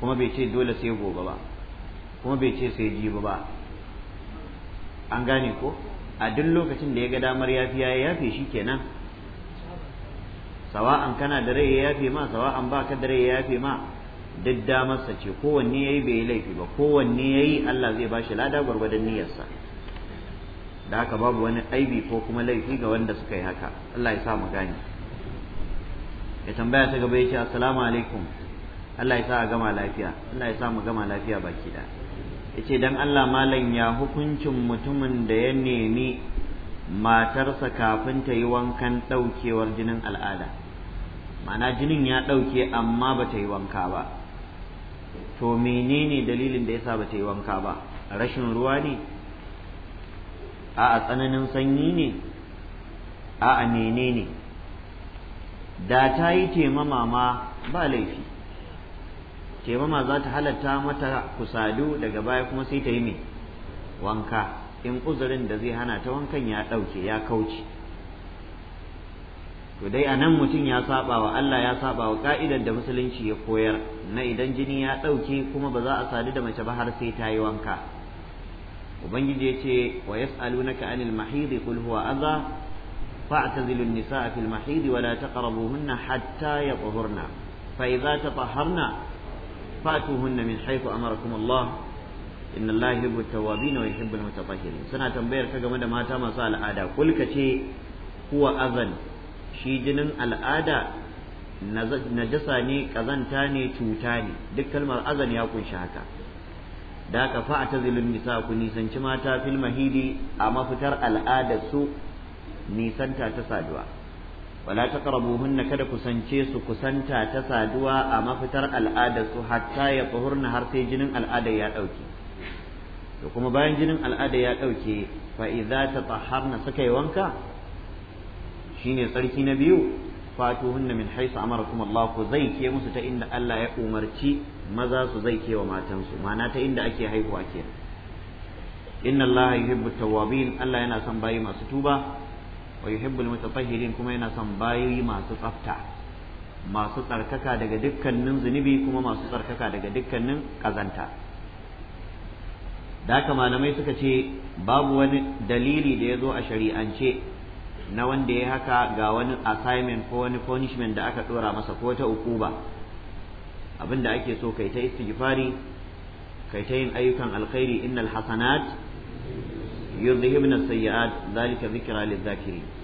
kuma bai ce dole sai gobe ba kuma bai ce sai jibi ba an gane ko a duk lokacin da ya ga damar yafi ya yafe shi kenan sawa'an kana da rai ya yafe ma sawa'an ka da rai ya yafe ma duk damarsa ce kowanne yi bai laifi ba kowanne yi Allah zai ba shi lada gwargwadon niyarsa da haka babu wani aibi ko kuma laifi ga wanda suka yi haka Allah ya sa mu gane ya tambaya ta gaba ya ce assalamu alaikum Allah ya sa a gama lafiya Allah ya sa mu gama lafiya baki da Ya ce dan Allah malam ya hukuncin mutumin da ya nemi matarsa kafin ta yi wankan ɗaukewar jinin al'ada mana jinin ya ɗauke amma ba ta yi wanka ba to menene dalilin da yasa ba ta yi wanka ba rashin ruwa ne a tsananin sanyi ne a menene da ta yi temamama ba laifi taimama za ta halatta mata kusadu daga baya kuma sai ta yi mai wanka in uzurin da zai hana ta wankan ya ɗauke ya kauce to dai a nan mutum ya saba wa Allah ya saba wa ka'idar da musulunci ya koyar na idan jini ya ɗauke kuma ba za a sadu da mace ba har sai ta yi wanka ubangiji ya ce wa yas'alunaka anil mahidi qul huwa adha fa'tazilu an-nisaa fil mahidi wa la taqrabuhunna hatta yatahurna fa idza tatahharna fatuhunna min haythu amarakum Allah inna Allah yuhibbu at-tawwabin wa yuhibbu al-mutatahhirin suna tambayar ka game da mata masu al'ada kul ce huwa azan shi jinin al'ada najasa ne kazanta ne cuta ne duk kalmar azan ya kunshi haka da haka fa tazilun nisa ku nisanci mata filma mahidi a mafitar al'adar su nisanta ta saduwa wala taqrabuhunna kada kusance su kusanta ta saduwa a mafitar al'ada su hatta ya tsuhurna har sai jinin al'ada ya dauke to kuma bayan jinin al'ada ya ɗauke fa idza tatahharna suka shine tsarki na biyu fatuhunna min haisu amarakum Allah zai zaike musu ta inda Allah ya umarci maza su zaike wa matansu mana ta inda ake haihuwa kenan inna Allah yuhibbu tawwabin Allah yana son bayi masu tuba wa yuhibbul mutatahhirin kuma yana son bayoyi masu tsafta masu tsarkaka daga dukkanin zunubi kuma masu tsarkaka daga dukkanin kazanta da haka malamai suka ce babu wani dalili da ya zo a shari'ance na wanda ya haka ga wani assignment ko wani punishment da aka dora masa ko ta ukuba abin da ake so kai ta istighfari kai ta yin ayyukan alkhairi innal hasanat yuzhibna sayyi'at zalika dhikra lidh-dhakirin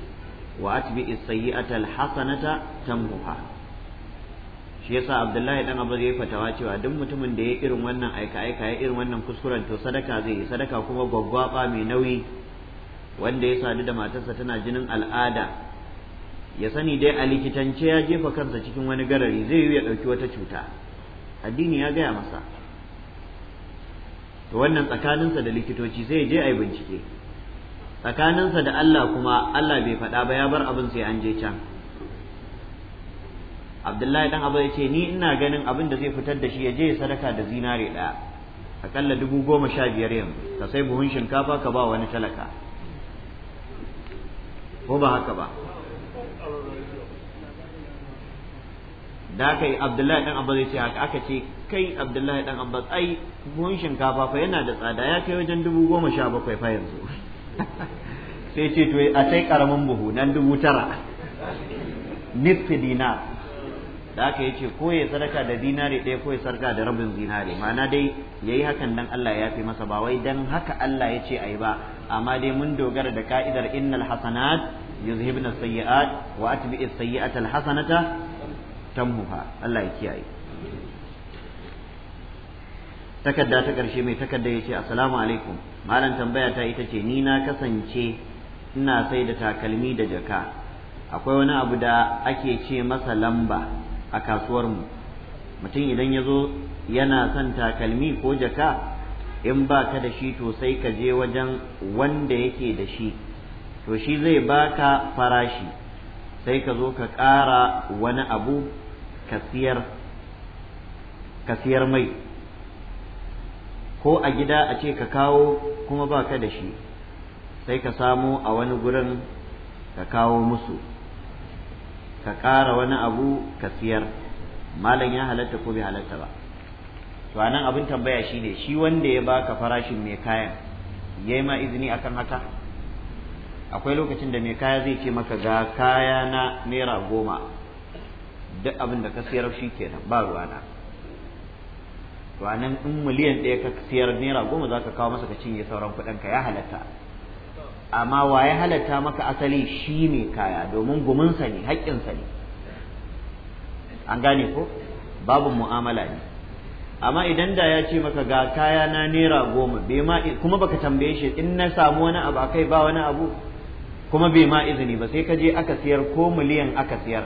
wa atbi as-sayyi'ata al-hasanata tamhuha shi yasa Abdullahi dan abu zai fatawa cewa duk mutumin da ya irin wannan aika aika ya irin wannan kuskuren to sadaka zai yi sadaka kuma gwaggwaba mai nauyi wanda ya sadu da matarsa tana jinin al'ada ya sani dai a likitance ya jefa kansa cikin wani garari zai yi ya ɗauki wata cuta addini ya gaya masa to wannan tsakaninsa da likitoci zai je a yi bincike tsakaninsa da Allah kuma Allah bai faɗa ba ya bar abin sai an je can Abdullahi dan Abu yace ce ni ina ganin abin da zai fitar da shi ya je sadaka da zinare ɗaya akalla dubu goma sha biyar yanzu ka sai buhun shinkafa ka ba wani talaka ko ba haka ba da aka yi Abdullahi dan Abbas ya ce haka aka ce kai Abdullahi dan Abbas ai buhun shinkafa fa yana da tsada ya kai wajen dubu goma sha bakwai fa yanzu sai ce to a sai karamin buhu nan dubu tara nisfi dinar da aka yace ko ya sadaka da dinari ɗaya ko ya sadaka da rabin dinari ma'ana dai yayi hakan dan Allah ya fi masa ba wai dan haka Allah ya ce ayi ba amma dai mun dogara da ka'idar innal hasanat yuzhibna sayyi'at wa atbi'is sayyi'ata al tamhuha Allah ya kiyaye takarda ta ƙarshe mai takarda ya ce assalamu alaikum malam tambaya ta ita ce ni na kasance ina sai da takalmi da jaka akwai wani abu da ake ce masa lamba a kasuwar mu mutum idan ya zo yana son takalmi ko jaka in ba ka da shi to sai ka je wajen wanda yake da shi to shi zai baka farashi sai ka zo ka ƙara wani abu ka siyar mai ko a gida a ce ka kawo kuma ba ka da shi sai ka samo a wani gurin ka kawo musu ka ƙara wani abu ka siyar malam ya halatta ko bai halatta ba to anan abin tambaya shine shi wanda ya baka farashin mai kayan yayi ma izini akan haka akwai lokacin da mai kaya zai ce maka ga kaya na naira goma duk abin da ka siyar shi kenan ba ruwana to anan in miliyan ɗaya ka siyar naira goma za ka kawo masa ka cinye sauran kuɗin ka ya halatta amma wa ya halatta maka asali shi ne kaya domin guminsa ne haƙƙinsa ne an gane ko babu mu'amala ne amma idan da ya ce maka ga kaya na naira goma kuma baka tambaye shi in na samu wani abu akai ba wani abu kuma bai ma izini ba sai ka je aka siyar ko miliyan aka siyar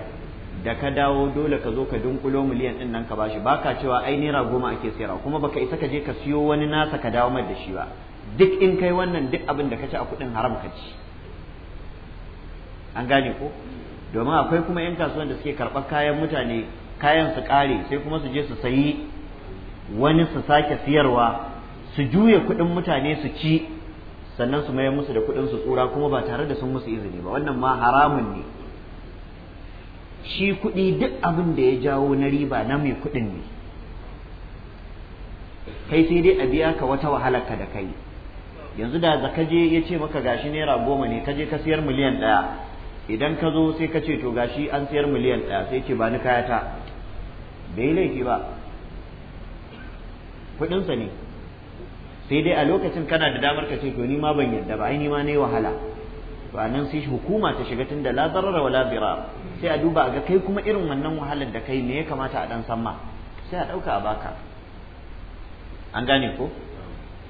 da ka dawo dole ka zo ka dunkulo miliyan din nan ka bashi baka cewa ai naira goma ake sayarwa kuma baka isa ka je ka siyo wani nasa ka dawo mai da shi ba duk in kai wannan duk abin da ka ci a kuɗin haram ka ci an gane ko domin akwai kuma 'yan kasuwan da suke karɓar kayan mutane kayan su kare sai kuma su je su sayi wani su sake siyarwa su juya kuɗin mutane su ci sannan su mayar musu da kuɗin su tsura kuma ba tare da sun musu izini ba wannan ma haramun ne shi kuɗi duk abin da ya jawo na riba na mai kuɗin ne kai sai dai a biya ka wata wahalarka da kai yanzu da za je ya ce maka gashi naira goma ne ka je ka siyar miliyan ɗaya idan ka zo sai ka ce to gashi an siyar miliyan ɗaya sai ce ba ni ta. bai laifi ba kuɗinsa ne sai dai a lokacin kana da damar ka ce to ni ma ban yadda ba ai ni ma yi wahala to anan sai hukuma ta shiga tunda la darara wala dirar sai a duba ga kai kuma irin wannan wahalar da kai me ya kamata a dan san ma sai a dauka a baka an gane ko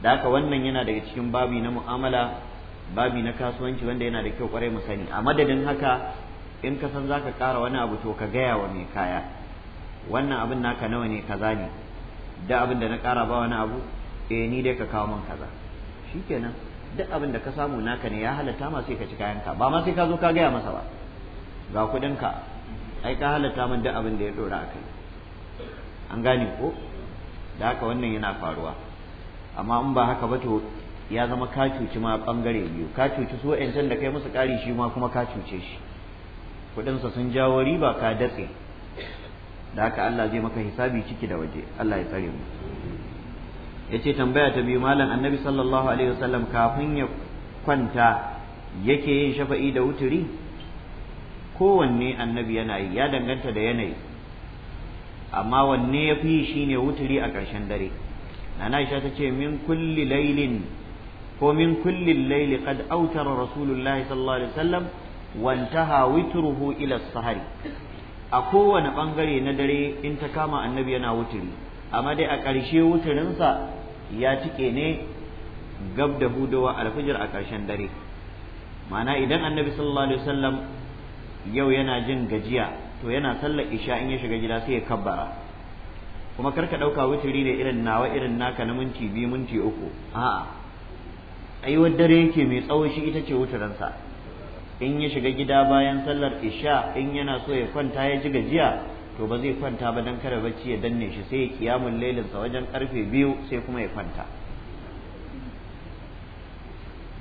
da haka wannan yana daga cikin babi na mu'amala babi na kasuwanci wanda yana da kyau kwarai mu sani a madadin haka in ka san zaka kara wani abu to ka gaya wa mai kaya wannan abin naka nawa ne kaza ne da abin da na kara ba wani abu eh ni dai ka kawo min kaza shikenan duk abin da ka samu naka ne ya halatta ma sai ka ci kayanka ba ma sai ka zo ka gaya masa ba ga kuɗinka ai ka halatta min duk abin da ya ɗora a kai an gane ko da haka wannan yana faruwa amma in ba haka ba to ya zama ka cuci ma ɓangare biyu ka cuci su can da kai musu ƙari shi ma kuma ka cuce shi kuɗinsa sun jawo riba ka datse da haka Allah zai maka hisabi ciki da waje Allah ya tsare mu yace tambaya ta biyu malam annabi sallallahu alaihi wasallam kafin ya kwanta yake yin shafa'i da wuturi kowanne annabi yana yi ya danganta da yanayi amma wanne ya fi shi ne wuturi a ƙarshen dare nana aisha ta ce min kulli lailin ko min kulli laili qad autara rasulullahi sallallahu alaihi wasallam wantaha witruhu ila sahari a kowane ɓangare na dare in ta kama annabi yana wuturi amma dai a ƙarshe wuturinsa ya cike ne gab da hudawa alfijir a ƙarshen dare ma'ana idan annabi sallallahu alaihi wasallam yau yana jin gajiya to yana sallar isha in ya shiga gida sai ya kabbara kuma karka ɗauka wuturi da irin nawa irin naka na minti biyu minti uku a'a aiwar dare yake mai tsawo shi ita ce wuturansa in ya shiga gida bayan sallar isha in yana so ya kwanta ya ji gajiya to ba zai kwanta ba dan kada bacci ya danne shi sai ya kiyamun lailin sa wajen karfe biyu sai kuma ya kwanta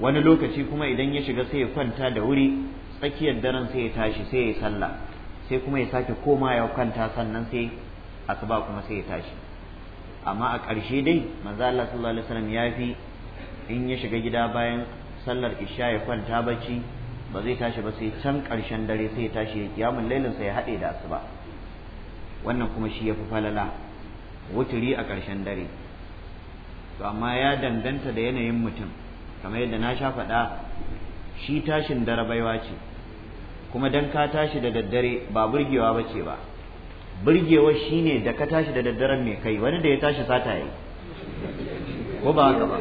wani lokaci kuma idan ya shiga sai ya kwanta da wuri tsakiyar daren sai ya tashi sai ya sallah sai kuma ya sake koma ya kwanta sannan sai asuba kuma sai ya tashi amma a ƙarshe dai manzo Allah sallallahu alaihi wasallam ya fi in ya shiga gida bayan sallar isha ya kwanta bacci ba zai tashi ba sai can ƙarshen dare sai ya tashi ya kiyamun lailin ya haɗe da asuba wannan kuma shi ya fi falala wuturi a ƙarshen dare to amma ya danganta da yanayin mutum kamar yadda na sha faɗa shi tashin dare baiwa ce kuma dan ka tashi da daddare ba burgewa ba ce ba burgewa shine da ka tashi da daddaren mai kai wani da ya tashi sata yi ko ba haka ba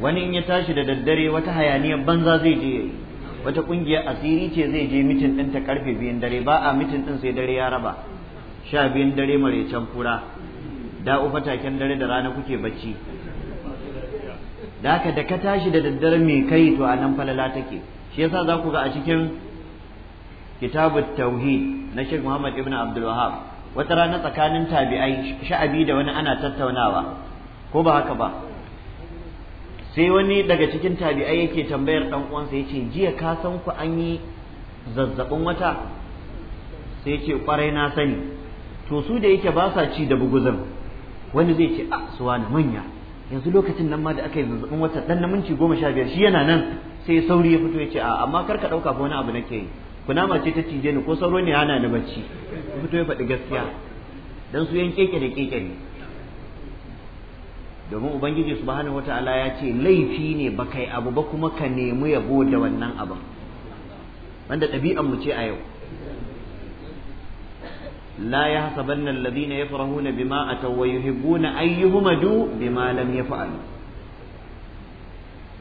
wani in ya tashi da daddare wata hayaniyar banza zai je yi wata kungiya asiri ce zai je mitin ɗin ta karfe biyun dare ba a mitin ɗin sai dare ya raba sha biyun dare can kura da ufa taken dare da rana kuke bacci da haka da ka tashi da daddare mai kai to a nan falala take shi yasa za ku ga a cikin kitabu tauhid na Sheikh Muhammad ibn Abdul Wahhab wata rana tsakanin tabi'ai sha'abi da wani ana tattaunawa ko ba haka ba sai wani daga cikin tabi'ai yake tambayar dan uwansa yace jiya ka san ku an yi zazzabin wata sai yace kwarai na sani to su da yake ba sa ci da buguzan wani zai ce a ah, su wani manya yanzu lokacin nan ma da aka yi zazzabin wata dan na minti goma sha biyar shi yana nan sai sauri ya fito yace ce a amma kar ka ɗauka fa wani abu nake yi kunama ce ta cije ni ko sauro ne yana ni bacci fito ya faɗi gaskiya dan su yan keke da keke domin ubangiji subhanahu wataala ya ce laifi ne ba kai abu ba kuma ka nemi yabo da wannan abin wanda ɗabi'an mu ce a yau la na alladhina yafrahuna bima ataw wa yuhibbuna an yuhmadu bima lam yaf'alu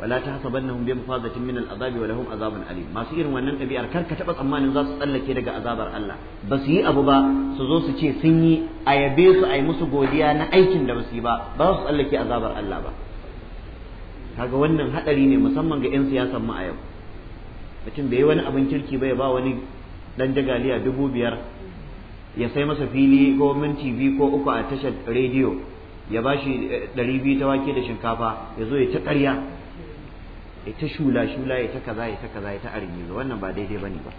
wala tahsabannahum bi mafazatin min al'azabi wa lahum azabun Ali, masu irin wannan ɗabi'ar kar ka taɓa tsammanin za su tsallake daga azabar Allah ba su yi abu ba su zo su ce sun yi ayabe su a yi musu godiya na aikin da ba su yi ba ba su tsallake azabar Allah ba kaga wannan hadari ne musamman ga 'yan siyasan mu a yau mutum bai yi wani abin kirki ba ya ba wani dan jagaliya dubu biyar ya sai masa fili ko minti biyu ko uku a tashar rediyo ya bashi ɗari biyu ta wake da shinkafa ya zo ya ta ƙarya ita shula shula ita kaza ita kaza ita arimizo wannan ba daidai bane ba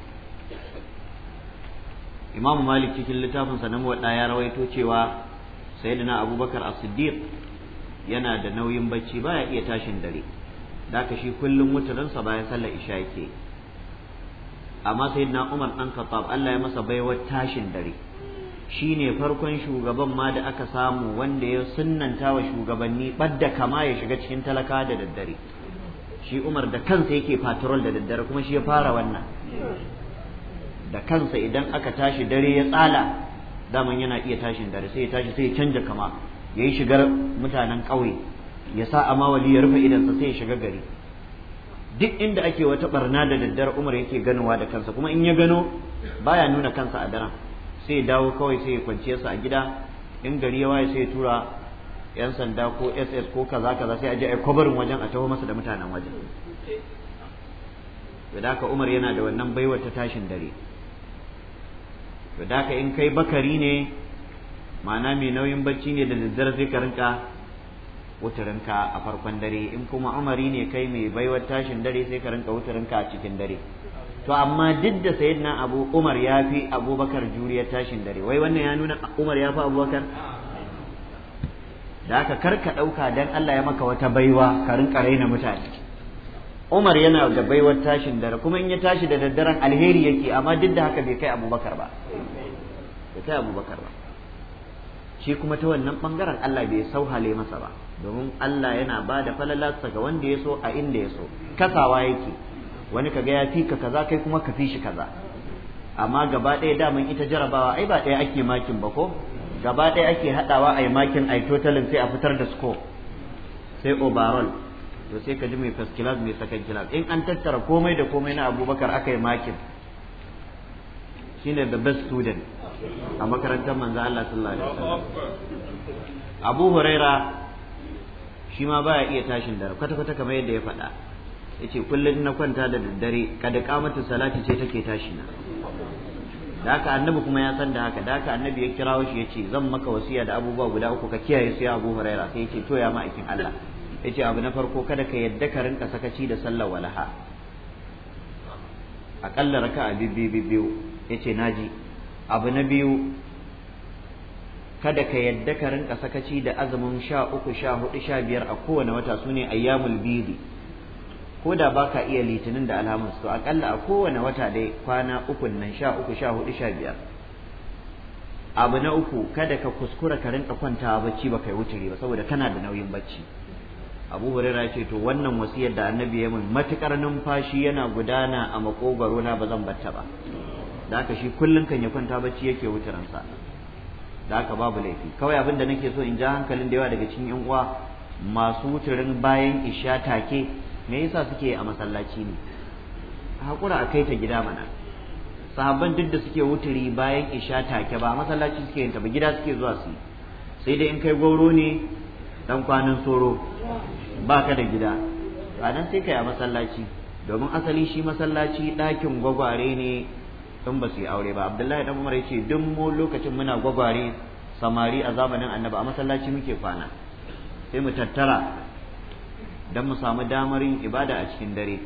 imamu malik cikin littafin sa na muwadda ya rawaito cewa sayyidina abubakar as-siddiq yana da nauyin bacci baya iya tashin dare daka shi kullum sa bayan sallar isha yake amma sayyidina umar dan khattab Allah ya masa baiwar tashin dare shi ne farkon shugaban ma da aka samu wanda ya sunnanta wa shugabanni badda kama ya shiga cikin talaka da daddare shi Umar da kansa yake patrol da daddare kuma shi ya fara wannan da kansa idan aka tashi dare ya tsala daman yana iya tashin dare sai ya tashi sai ya canja kama ya yi shigar mutanen ƙauye ya sa amawali ya rufe idansa sai ya shiga gari duk inda ake wata barna da daddare Umar yake ganowa da kansa kuma in ya gano baya nuna kansa a daren sai ya dawo kawai sai ya kwanciyarsa a gida in gari ya waye sai ya tura yan sanda ko ss ko kaza kaza sai a je a kwabarin wajen a taho masa da mutanen wajen da haka umar yana da wannan baiwar ta tashin dare da haka in kai bakari ne ma'ana mai nauyin bacci ne da nazar sai ka rinka wuturinka a farkon dare in kuma umari ne kai mai baiwar tashin dare sai ka rinka wuturinka a cikin dare to amma duk da sayyidina abu umar ya fi abubakar juriyar tashin dare wai wannan ya nuna umar ya fi abubakar da haka kar ka ɗauka dan Allah ya maka wata baiwa ka rinka raina mutane Umar yana da baiwar tashin dare kuma in ya tashi da daddaren alheri yake amma duk da haka bai kai Abubakar ba bai kai Abubakar ba shi kuma ta wannan bangaren Allah bai sauhale masa ba domin Allah yana ba da falalarsa ga wanda ya so a inda ya so kasawa yake wani kaga ya fi ka kaza kai kuma ka fi shi kaza amma gaba ɗaya daman ita jarabawa ai ba ɗaya ake makin ba ko gaba ɗaya ake haɗawa a yi makin a yi totalin sai a fitar da score sai overall to sai ka ji mai first class mai second class in an tattara komai da komai na abubakar aka yi makin shine the best student a makarantar manzo Allah sallallahu alaihi Abu Huraira shi ma baya iya tashin dare kwata kwata kamar yadda ya faɗa yace kullum na kwanta da daddare kada kamatu salati ce take tashi na da haka annabi kuma ya san da haka da haka annabi ya kirawo shi ya ce zan maka wasiya da abubuwa guda uku ka kiyaye su ya Abu Huraira sai ya ce to ya ma'aikin Allah ya ce abu na farko kada ka yadda ka rinka sakaci da sallar walaha aƙalla raka a biyu ya ce naji abu na biyu kada ka yadda ka rinka sakaci da azumin sha uku sha hudu sha biyar a kowane wata su ne ayyamul bidi ko da ba ka iya litinin da alhamis to akalla a kowane wata dai kwana uku nan sha uku sha hudu sha biyar abu na uku kada ka kuskura ka rinka kwantawa bacci ba kai wuce ba saboda kana da nauyin bacci abu hurera ce to wannan wasiyar da annabi ya mun matukar numfashi yana gudana a makogaro na ba zan batta ba da haka shi kullum kan ya kwanta bacci yake ransa da haka babu laifi kawai abin da nake so in ja hankalin da yawa daga cikin yan uwa masu wuturin bayan isha take me yasa suke a masallaci ne hakura a kai ta gida mana sahabban duk da suke wuturi bayan isha take ba masallaci suke yin ta ba gida suke zuwa su sai dai in kai gauro ne dan kwanan soro baka da gida nan sai kai a masallaci domin asali shi masallaci ɗakin gwagware ne in ba su yi aure ba abdullahi dan umar yace duk mu lokacin muna gwagware samari a zamanin annabi a masallaci muke kwana sai mu tattara don mu samu damar yin ibada a cikin dare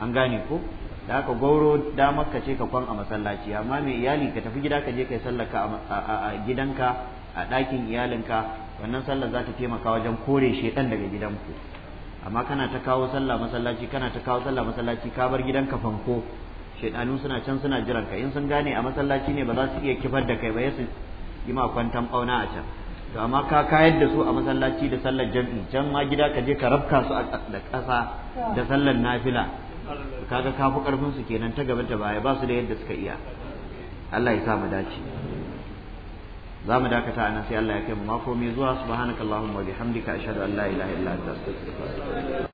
an gane ko da ka gauro damar ka ce ka kwan a masallaci amma mai iyali ka tafi gida ka je kai sallaka a gidanka a ɗakin iyalinka wannan sallar za ta taimaka wajen kore shedan daga gidanku amma kana ta kawo sallah masallaci kana ta kawo sallah masallaci ka bar gidanka fanko shedanu suna can suna jiran ka in sun gane a masallaci ne ba za su iya kifar da kai ba ya su yi ma kwantan bauna a can to amma ka kayar da su a masallaci da sallar jami'i can ma gida ka je ka rabka su da ƙasa da sallar nafila kaga ka fi karfin su kenan ta gaba ta baya ba su da yadda suka iya Allah ya sa mu dace za mu dakata anan sai Allah ya kai mu mako mai zuwa subhanakallahumma wa bihamdika ashhadu an la ilaha illa anta astaghfiruka